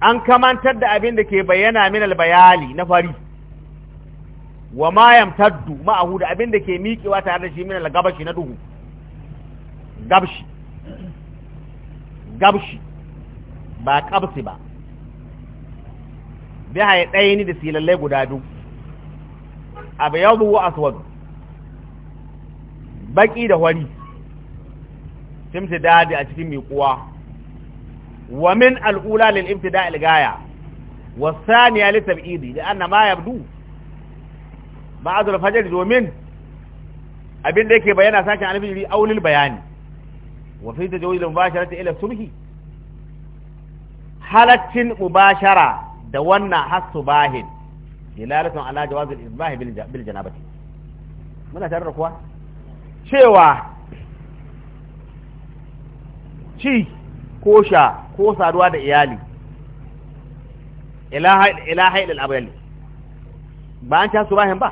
an kamantar da abin da ke bayyana min albayali na fari wa ma yamtaddu ma'ahu da abin da ke miƙewa tare da shi min algabashi na duhu gabshi ba kabsi ba bi haye ɗaya ni da silallai guda biyu abu ya zuwa aswad baki da hori simti a cikin miƙuwa wa min al'ula lil ibtida al gaya wa thaniya li tab'idi da anna ma yabdu ba'd al fajr domin abin da yake bayana sakin alfijiri aulil bayani wa fi tajawuz al mubasharati ila subhi halatin mubashara da wannan hasu bahin dilalatun ala jawazil isbahi bil janabati muna tare da kuwa cewa ci ko sha ko saduwa da iyali ila hailil abrali ba an ci hasu bahin ba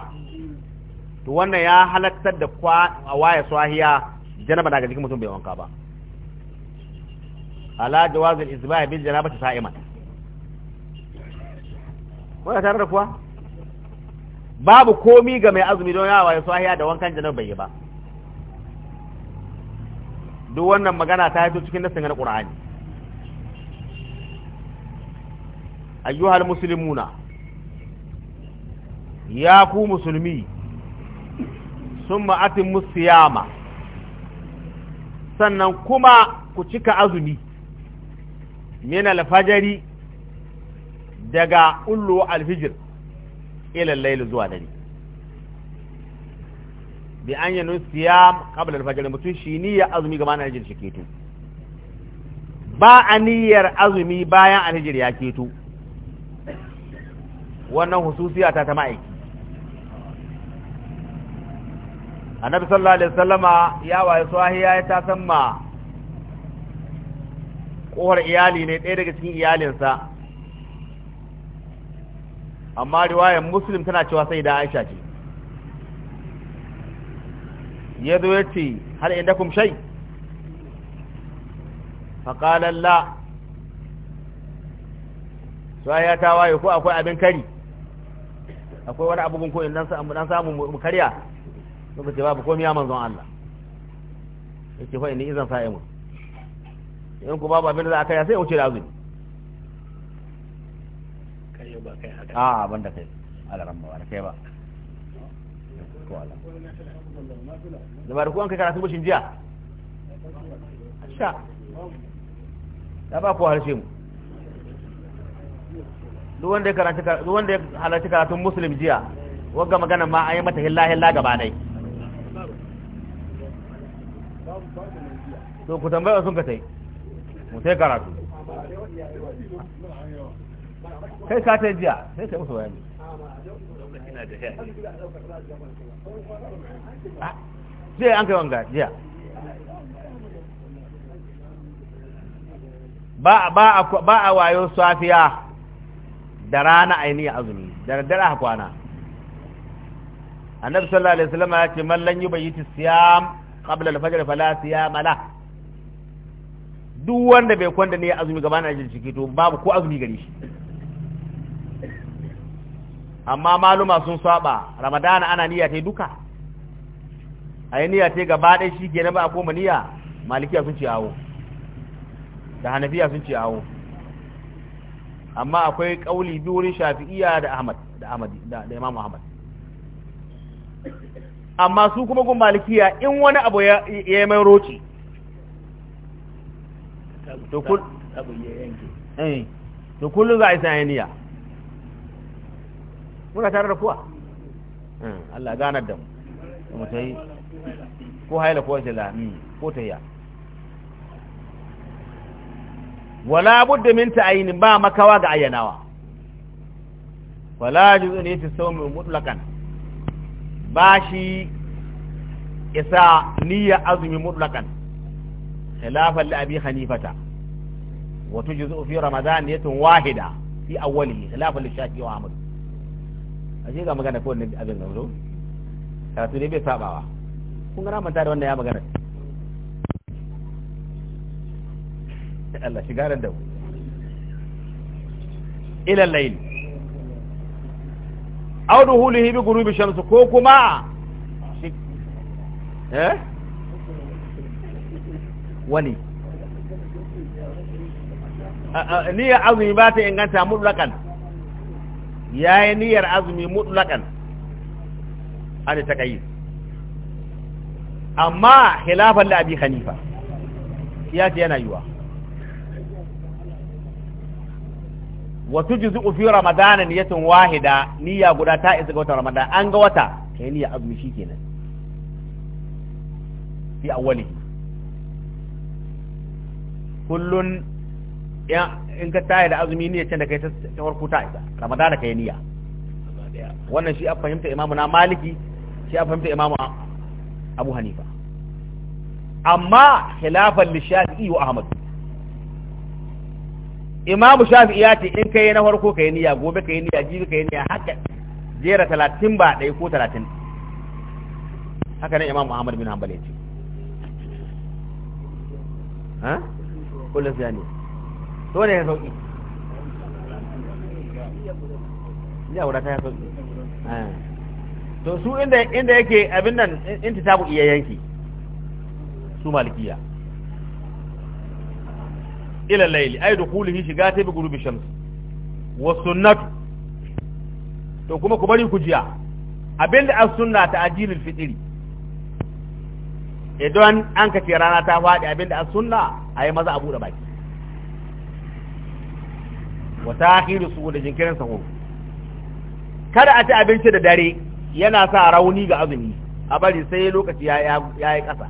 to wannan ya halattar da a waya swahiya janaba daga jikin mutum bai wanka ba ala jawazil isbahi bil janabati sa'iman muna tare da kuwa babu komi ga mai azumi don yawa ya sahiya da wankan janar bai yi ba duk wannan magana ta haito cikin nasin na ƙura'ani ayyuhal musulmuna ya ku musulmi sun ma'atin musiyama sannan kuma ku cika azumi min alfajari daga ullu alfijir ila layl zuwa dare bi an yanu siyam qabla al-fajr mutun shi niyya azumi gaban al-fajr shi keto ba aniyar azumi bayan al-fajr ya keto wannan hususiya ta ta ma'aiki annabi sallallahu alaihi wasallama ya waye sahiya ya ta samma kohar iyali ne ɗaya daga cikin iyalinsa amma riwayar muslim tana cewa sai da aisha ce ya zo ya ce hal inda kum shai faƙalar la suwa ya ta waye ko akwai abin kari akwai wani abubuwan ko in dan samu mu karya suka ce babu komiya manzon Allah ya ce ni inni izan sa'imun in ku babu abin da za a karya sai ya wuce da azumi a ban da kai alaran ba da kai ba da ba da kuwan kai karatu bashin jiya sha da ba ku harshe mu duk wanda ya halarci karatun musulun jiya wagga magana ma an yi mata hilla-hilla gaba dai to ku tambaya sun ka sai mu sai karatu kai ka ta jiya sai ka musu bayani sai ah, an kai wanga jiya ba a wayo safiya da rana ainihi azumi da daddare a kwana annabi sallallahu alaihi wasallam ya ce man lan ta siyam qabla al-fajr fala siya la duk wanda bai kwanda ne azumi gabanin ajin ciki to babu ko azumi gari shi amma maluma sun saba ramadana ana niyya ta duka a yi niyya ta gaba ɗaya shi ke ba a koma niyya malikiya sun ci awo da hanafiya sun ci awo amma akwai ƙauli biyu wurin shafi'iya da ahmad da ahmad da imam ahmad amma su kuma gun malikiya in wani abu ya yi mai roci eh, to kullum za a yi niyya. muna tare da kuwa hmm, Allah ganar da mu mu ta yi ko haila ko jila hmm, ko ta yi wala budda min ta'ayinin ba makawa ga ayyanawa wala juzu ne ta saumi mutlakan ba shi isa niyya azumi mutlakan khilafan li abi hanifata wa tujzu fi ramadan yatun wahida fi awwalihi khilafan li shafi'i wa ahmad shi ga magana ko abin da zo karatu dai bai sabawa kun gara manta da wannan ya magana Allah shiga ran da ku ila layl aw duhulihi bi ghurubi shams ko kuma eh wani ni ya azumi ba ta inganta mutlakan ya yi niyyar azumi mutlaƙan an ta ƙayi amma khilafan da abi hanifa ya ce yana yiwa wasu jizu ufi ramadanin yatin wahida niyya guda ta isa ga wata ramadan an ga wata ka yi niyya azumi shi kenan fi awwali kullun in ka taya da azumi ne can da kai ta warko ta isa ramadana ka yi niyya wannan shi a fahimta imamu na maliki shi a fahimta imamu abu hanifa amma khilafan li shafi'i wa ahmad imamu shafi'i ya ce in kai na farko yi niyya gobe ka yi niyya jibi ka yi niyya haka jera talatin ba ɗaya ko talatin. haka ne imamu ahmad bin hanbal ya ce ha kullum sai ne dole ya sauki ya wurata ya sauki eh. to su inda inda yake abin nan ta bu iya yanki su malikiya ila layli ay dukhulihi shiga ta bi gurubi shams wa sunnatu to kuma ku bari ku jiya abinda as-sunna ta ajilul fitri idan an kace rana ta faɗi abinda as-sunna ayi maza a buɗe baki wa hiru su da jinkirin sahur kada a ci abinci da dare yana sa rauni ga azumi a bari sai lokaci ya yi ƙasa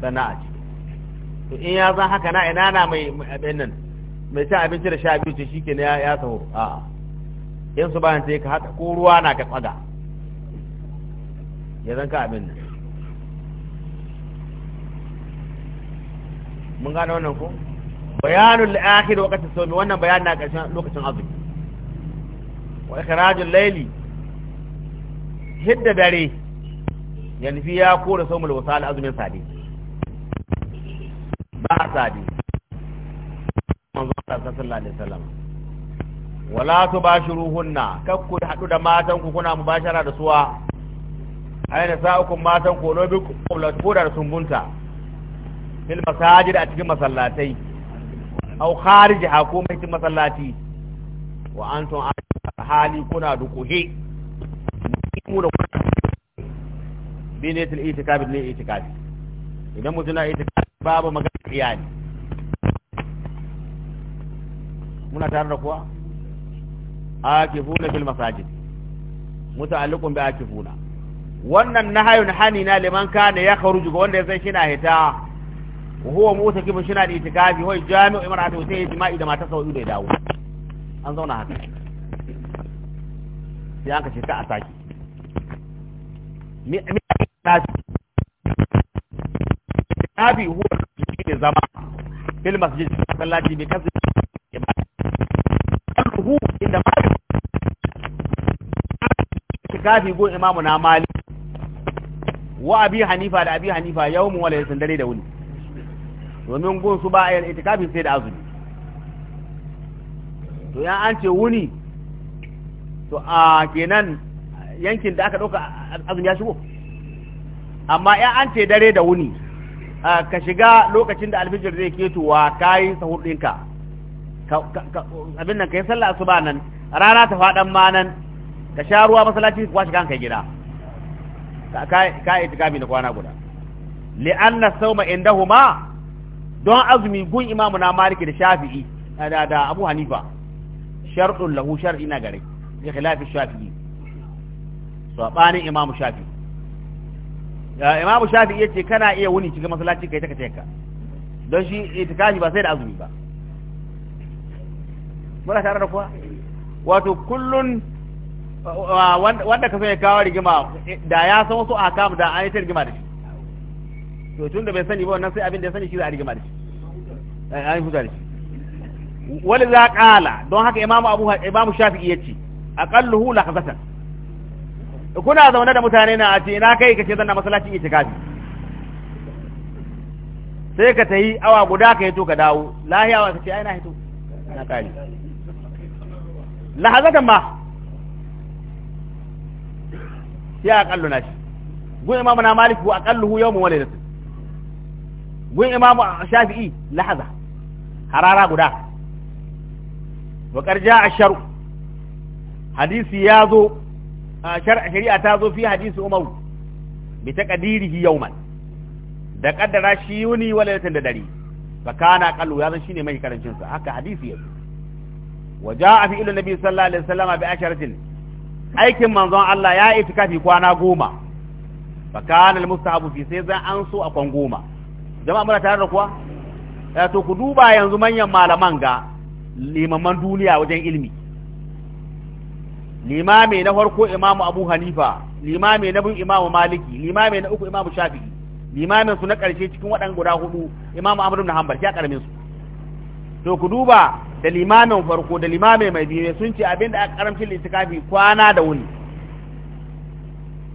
sana a ci to in ya zan haka na ina na mai abin nan mai ci abinci da sha biyu ce shike ne ya sahur a'a in su bayan sai ka haka ko ruwa na ka tsaga ya zan ka abin nan mun gane wannan ko bayanul akhir waqti sawmi wannan bayanin na karshen lokacin azumi wa ikhrajul layli hidda dare yanfi ya kore sawmul wasal azumin sadi ba sadi manzo Allah sallallahu alaihi wasallam wala tubashiruhunna kakku hadu da matan ku kuna mubashara da suwa aina sa'ukum matan ku no bi ku da sumbunta fil masajid a cikin masallatai au ha ko mai masallati. wa antum hali kuna dukuhi mu da kuna bi ne til itikafi ne itikafi idan mutum na itikafi babu magana iyali muna tare da kuwa akifuna fil masajid muta'alliqun bi akifuna wannan nahayun hanina na liman kana ya wanda ya san shi na hita huwa mota kibin shi na da itikafi wai jami'u imratu sai ya jima'i da matarsa wa da dawo an zauna haka sai an kace ka a saki me itikafi huwa shi ne zama fil masjid masallaci bi kasu ruhu inda mali itikafi go imamu na mali wa abi hanifa da abi hanifa yawmu wala yasan dare da wuni domin gun su ba a yin itikafin sai da azumi to ya an ce wuni to a kenan yankin da aka ɗauka azumi ya shigo amma ya an ce dare da wuni ka shiga lokacin da alfijir zai tuwa ka yi sahur ɗinka abin nan ka yi sallah ba nan rana ta faɗan ma nan ka sha ruwa masalaci ka kwashi ka gida ka yi itikafi na kwana guda li'anna sauma indahuma don azumi gun imamu na maliki da shafi'i da da abu hanifa sharɗun lahu shar'i na gare ya khilafi shafi'i sabanin imamu shafi'i imamu shafi'i yace kana iya wuni cikin masallaci kai take take don shi itikafi ba sai da azumi ba muna tare da kuwa wato kullun wanda ka so ya kawo rigima da ya san wasu a da an yi ta rigima da shi to tun da bai sani ba wannan sai abin da ya sani shi za a rigima da shi eh, an huta da shi wani za ƙala don haka imamu abu imamu shafi'i ya ce aƙallu hula hazatan kuna zaune da mutane na a ce ina kai ka ce zanna masallacin itikafi sai ka tayi awa guda ka hito ka dawo lahiya wa ka ce ai na hito na kare lahazatan ma sai aƙallu na shi gun imamu na maliku aƙallu hu yawmu walidatu gun imamu shafi'i lahaza harara guda wa karja asharu hadisi ya zo shari'a ta zo fi hadisi umaru bi taqdirihi yawman da kaddara shi yuni wala da dare fa kana qallu ya zan shine mai karancin sa haka hadisi ya zo wa jaa fi ilu nabi sallallahu alaihi wasallam bi asharatin aikin manzon Allah ya itikafi kwana goma fa kana al mustahabu fi sai zan an so akon goma jama'a muna tare da kuwa ya eh, to ku duba yanzu manyan malaman ga limaman duniya wajen ilimi limami na farko imamu abu hanifa limami na biyu imamu maliki limami na uku imamu shafi'i limamin su na karshe cikin waɗannan guda hudu imamu ahmad na hanbal ya karamin su to ku duba da limamin farko da limami mai biyu sun ce abinda aka karamcin litikafi kwana da wuni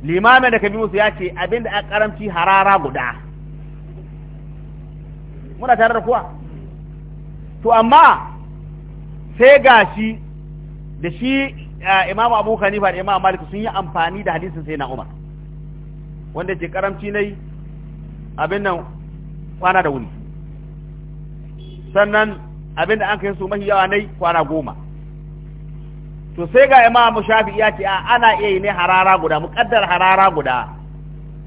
limamin da ka biyu su ya ce abinda aka karamci harara guda muna tare da kuwa to amma sai gashi da shi imamu abu hanifa da imamu malik sun yi amfani da hadisin sai na umar wanda ke karamci na yi abin nan kwana da wuni sannan abin da an kai su mahi yawa na kwana goma to sai ga imamu shafi ya ce ana iya yi ne harara guda muƙaddar harara guda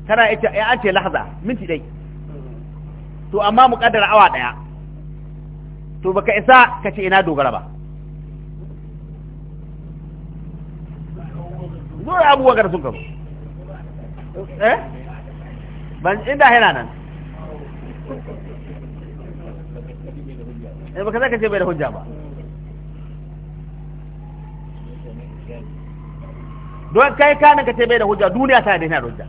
tana ita ya eh, ce lahza minti dai to amma mu kaddara awa daya to baka isa ka ce ina dogara ba zuwa abubuwa gar sun ka eh ban inda yana nan eh baka zaka ce bai da hujja ba don kai kana ka ce bai da hujja duniya ta da yana da hujja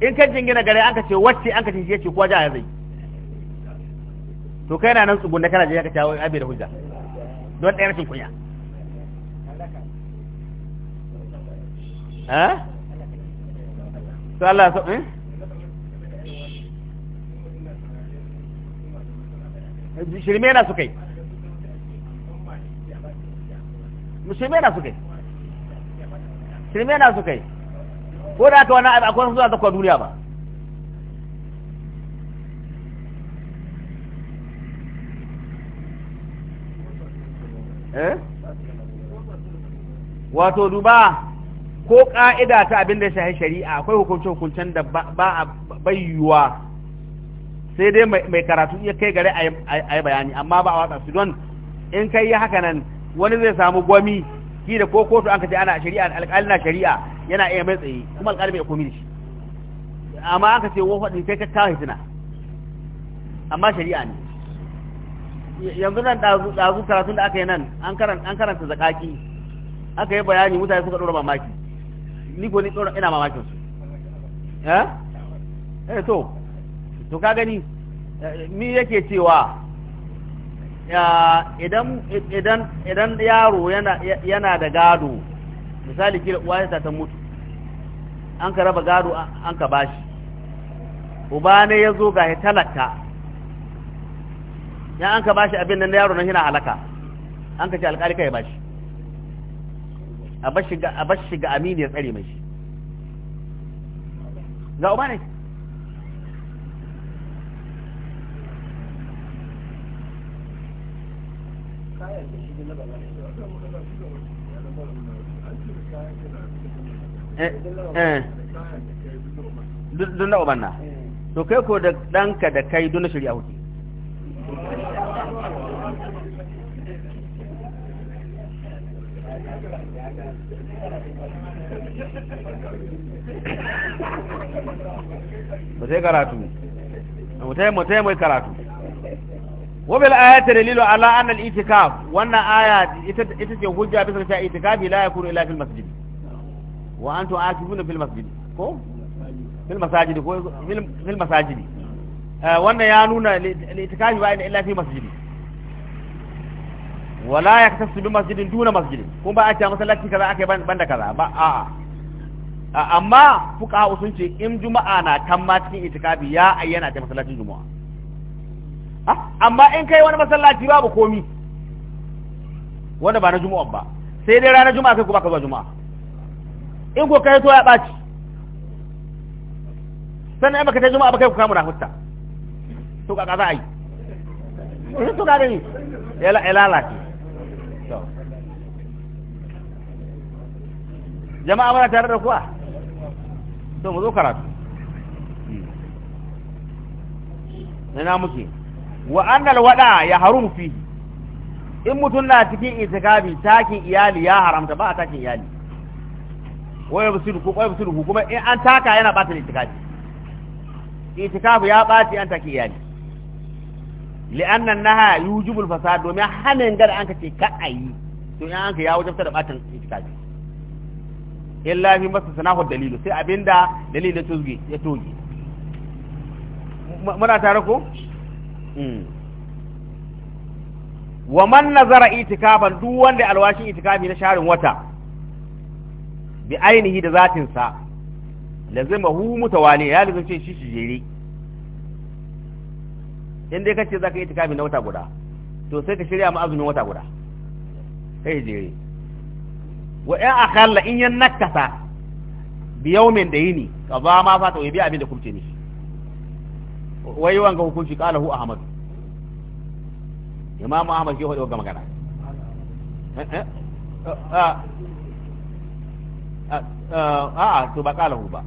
in ka jingina gare an ka ce wacce an ka ce ce kuwa ja zai to kai na nan tsugunna kana je ka tawo abin da hujja don ɗaya rashin kunya eh to Allah so eh shirme na su kai shirme na su kai shirme na su kai ko da aka wani akwai wani zuwa zakwa duniya ba eh? wato duba ko ka'ida ta abin da shahi shari'a akwai hukuncin hukuncen da ba a bayyuwa sai dai mai karatu iya kai gare a yi bayani amma ba a watsa su don in kai yi haka nan wani zai samu gwami ki da ko kotu an kaji ana shari'a alƙalina shari'a yana iya mai tsaye kuma alƙali ya komi da shi amma aka ce wofa ɗin sai ka kawo amma shari'a ne yanzu nan ɗazu karatun da aka yi nan an karanta zakaki aka yi bayani mutane suka ɗora mamaki ni ko ni ɗora ina mamakin su eh, eh to to ka gani ni yake cewa idan idan idan yaro yana yana da gado misali kila uwa ta mutu an ka raba gado an ka bashi uba ne ya zo ga talaka ya an ka bashi abin nan yaro nan yana halaka an ka ce alƙali kai bashi a bashi ga amini ya tsare mai shi ga uba ne Eh, eh. dun na uban na to kai ko da ɗanka da kai dun na shari'a hudu ba sai karatu mutai mutai mai karatu wabil ayati dalilu ala anna al-itikaf wannan aya ita ce hujja bisa ta itikafi la yakunu illa fil masjid wa antu akifuna fil masjidi ko fil masajidi ko fil masajidi eh, wannan ya nuna litikafi ba illa fi masjidi wala ya kasu bi masjidin duna masjidin kuma ba a ce masallaci kaza aka yi banda kaza ba a eh, amma fuka sun ce in juma'a na kan ma cikin itikafi ya ayyana ta masallacin juma'a ah, amma in kai wani masallaci babu komi wanda ba na juma'a ba sai dai ranar juma'a kai kuma ka zuwa juma'a in ko kai to ya ɓaci sannan baka ta juma'a baka kai ku na hutta eh, to ka kaza a yi in su gane ni ya jama'a mana tare da kuwa to mu zo karatu hmm. ina muke wa annal wada ya harum fi in mutum na cikin itikabi taki iyali ya haramta ba a takin iyali waya basiru ko waya basiru kuma in an taka yana bata itikafi itikafu ya baci an take iyali li'anna naha yujibul fasad domin hanin gar an kace ka ayi to in an ka ya wajabta da batan itikafi illa fi masa sanahu dalilu sai abinda dalilin tuzge ya toge muna tare ko hmm. wa man nazara itikaban duk wanda alwashin itikafi na sharin wata bi ainihi da zatin sa lazima hu mutawali ya lazimce ce shi jere in dai kace zaka yi itikafi na wata guda to sai ka shirya mu azumin wata guda kai jere wa in akalla in yan nakasa bi yawmin da yini ba ma fa ya bi abin da kumce ni wai wanga hukunci kala hu ahmad imamu ahmad ke hodo ga magana eh, eh. Ah, a'a to ba kalahu ba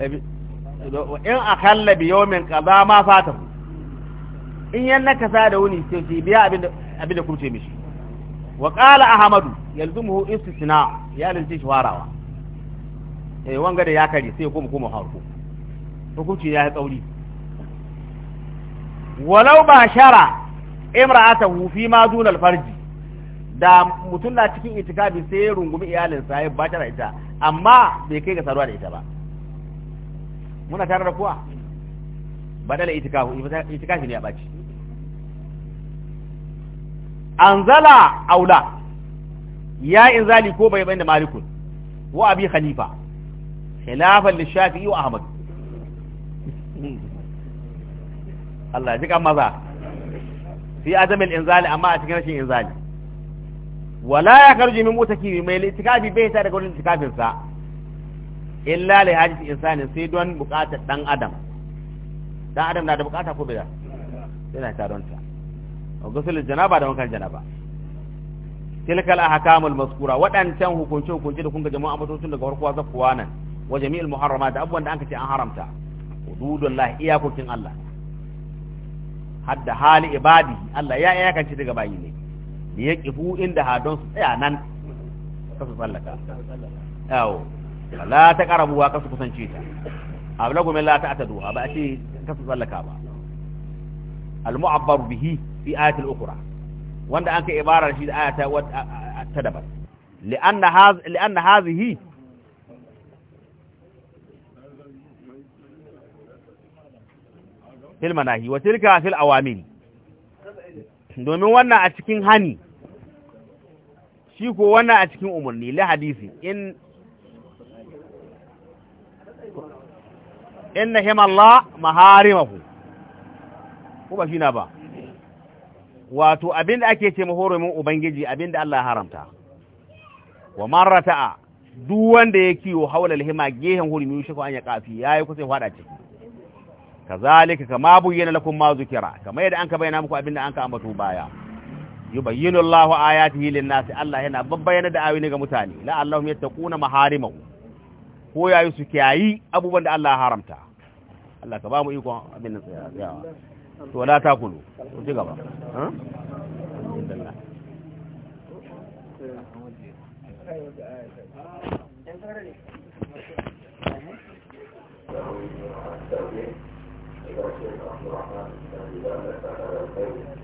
in kalla bi yawmin qada ma fata in yanna kasa da wuni sai shi biya abin da kurce mishi wa qala ahmadu yalzumuhu istisna ya lanci shawarawa eh wanga da ya kare sai kuma kuma harko hukunci ya tsauri walau ba shara imra'atahu fi ma dun farji, da mutum na cikin itikabi sai ya rungumi iyalinsa ya ba ta ita amma bai kai ga saruwa da ita ba muna tare da kuwa ba badala itikafu itikafi ne a baci anzala aula ya inzali ko bai bayan da malikun wa abi khalifa khilafan shafi'i wa ahmad Allah ya ji maza fi al inzali amma a cikin rashin inzali wala ya karji min mutaki mai litikafi bai ta daga wurin litikafin sa illa li hajji insani sai don bukatar dan adam dan adam na da bukata ko bai da yana ta don gusul janaba da wankan janaba tilkal ahkamul maskura wadancan hukunci hukunci da kun ga jama'a mututun daga farko zakkuwa nan wa jami'il muharramat abubuwan da anka ce an haramta hududullah iyakokin Allah hadda hali ibadi Allah ya iyakance daga bayi ne ya kifu inda hadon su tsaya nan ka su tsallaka yawo la ta karabuwa ka su kusance ta abu lagu min la ta ata duha ba a ce ka su tsallaka ba al-mu'abbar bihi fi ayatul ukhra wanda an kai ibarar shi da ayata ta daban li'anna haz li'anna hazihi fil manahi wa tilka fil awamil domin wannan a cikin hani shi ko wannan a cikin umarni la hadisi in inna Allah maharimahu ko ba shi na ba wato abin da ake ce mahoromin ubangiji abin da Allah haramta wa marrata'a duk wanda ya kiwo haulal hima gehen hurmi shi ko an ya kafi yayi kusa fada ciki kazalika kama bayyana lakum ma zukira kama yadda an ka bayyana muku abin da an ka ambato baya yubayyinu Allahu ayatihi lin-nasi Allah yana babbayana da ayoyi ga mutane la Allahum yattaquna maharimahu ko yayi su kiyayi abubuwan da Allah haramta Allah ka ba mu iko abin nan tsaya to la takulu ku ci gaba Thank you.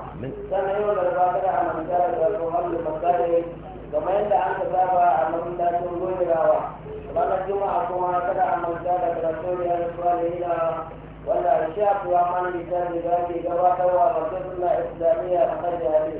amin sannan yau da ba kada a manta da zarfin halin masare kamar yadda an ka a masallacin goyirawa ranar juma'a kuma kada a manta da karatun ya rasuwa da yana wanda a shafuwa man littafi da ake gabatarwa a masallacin islamiyya a kan jihadi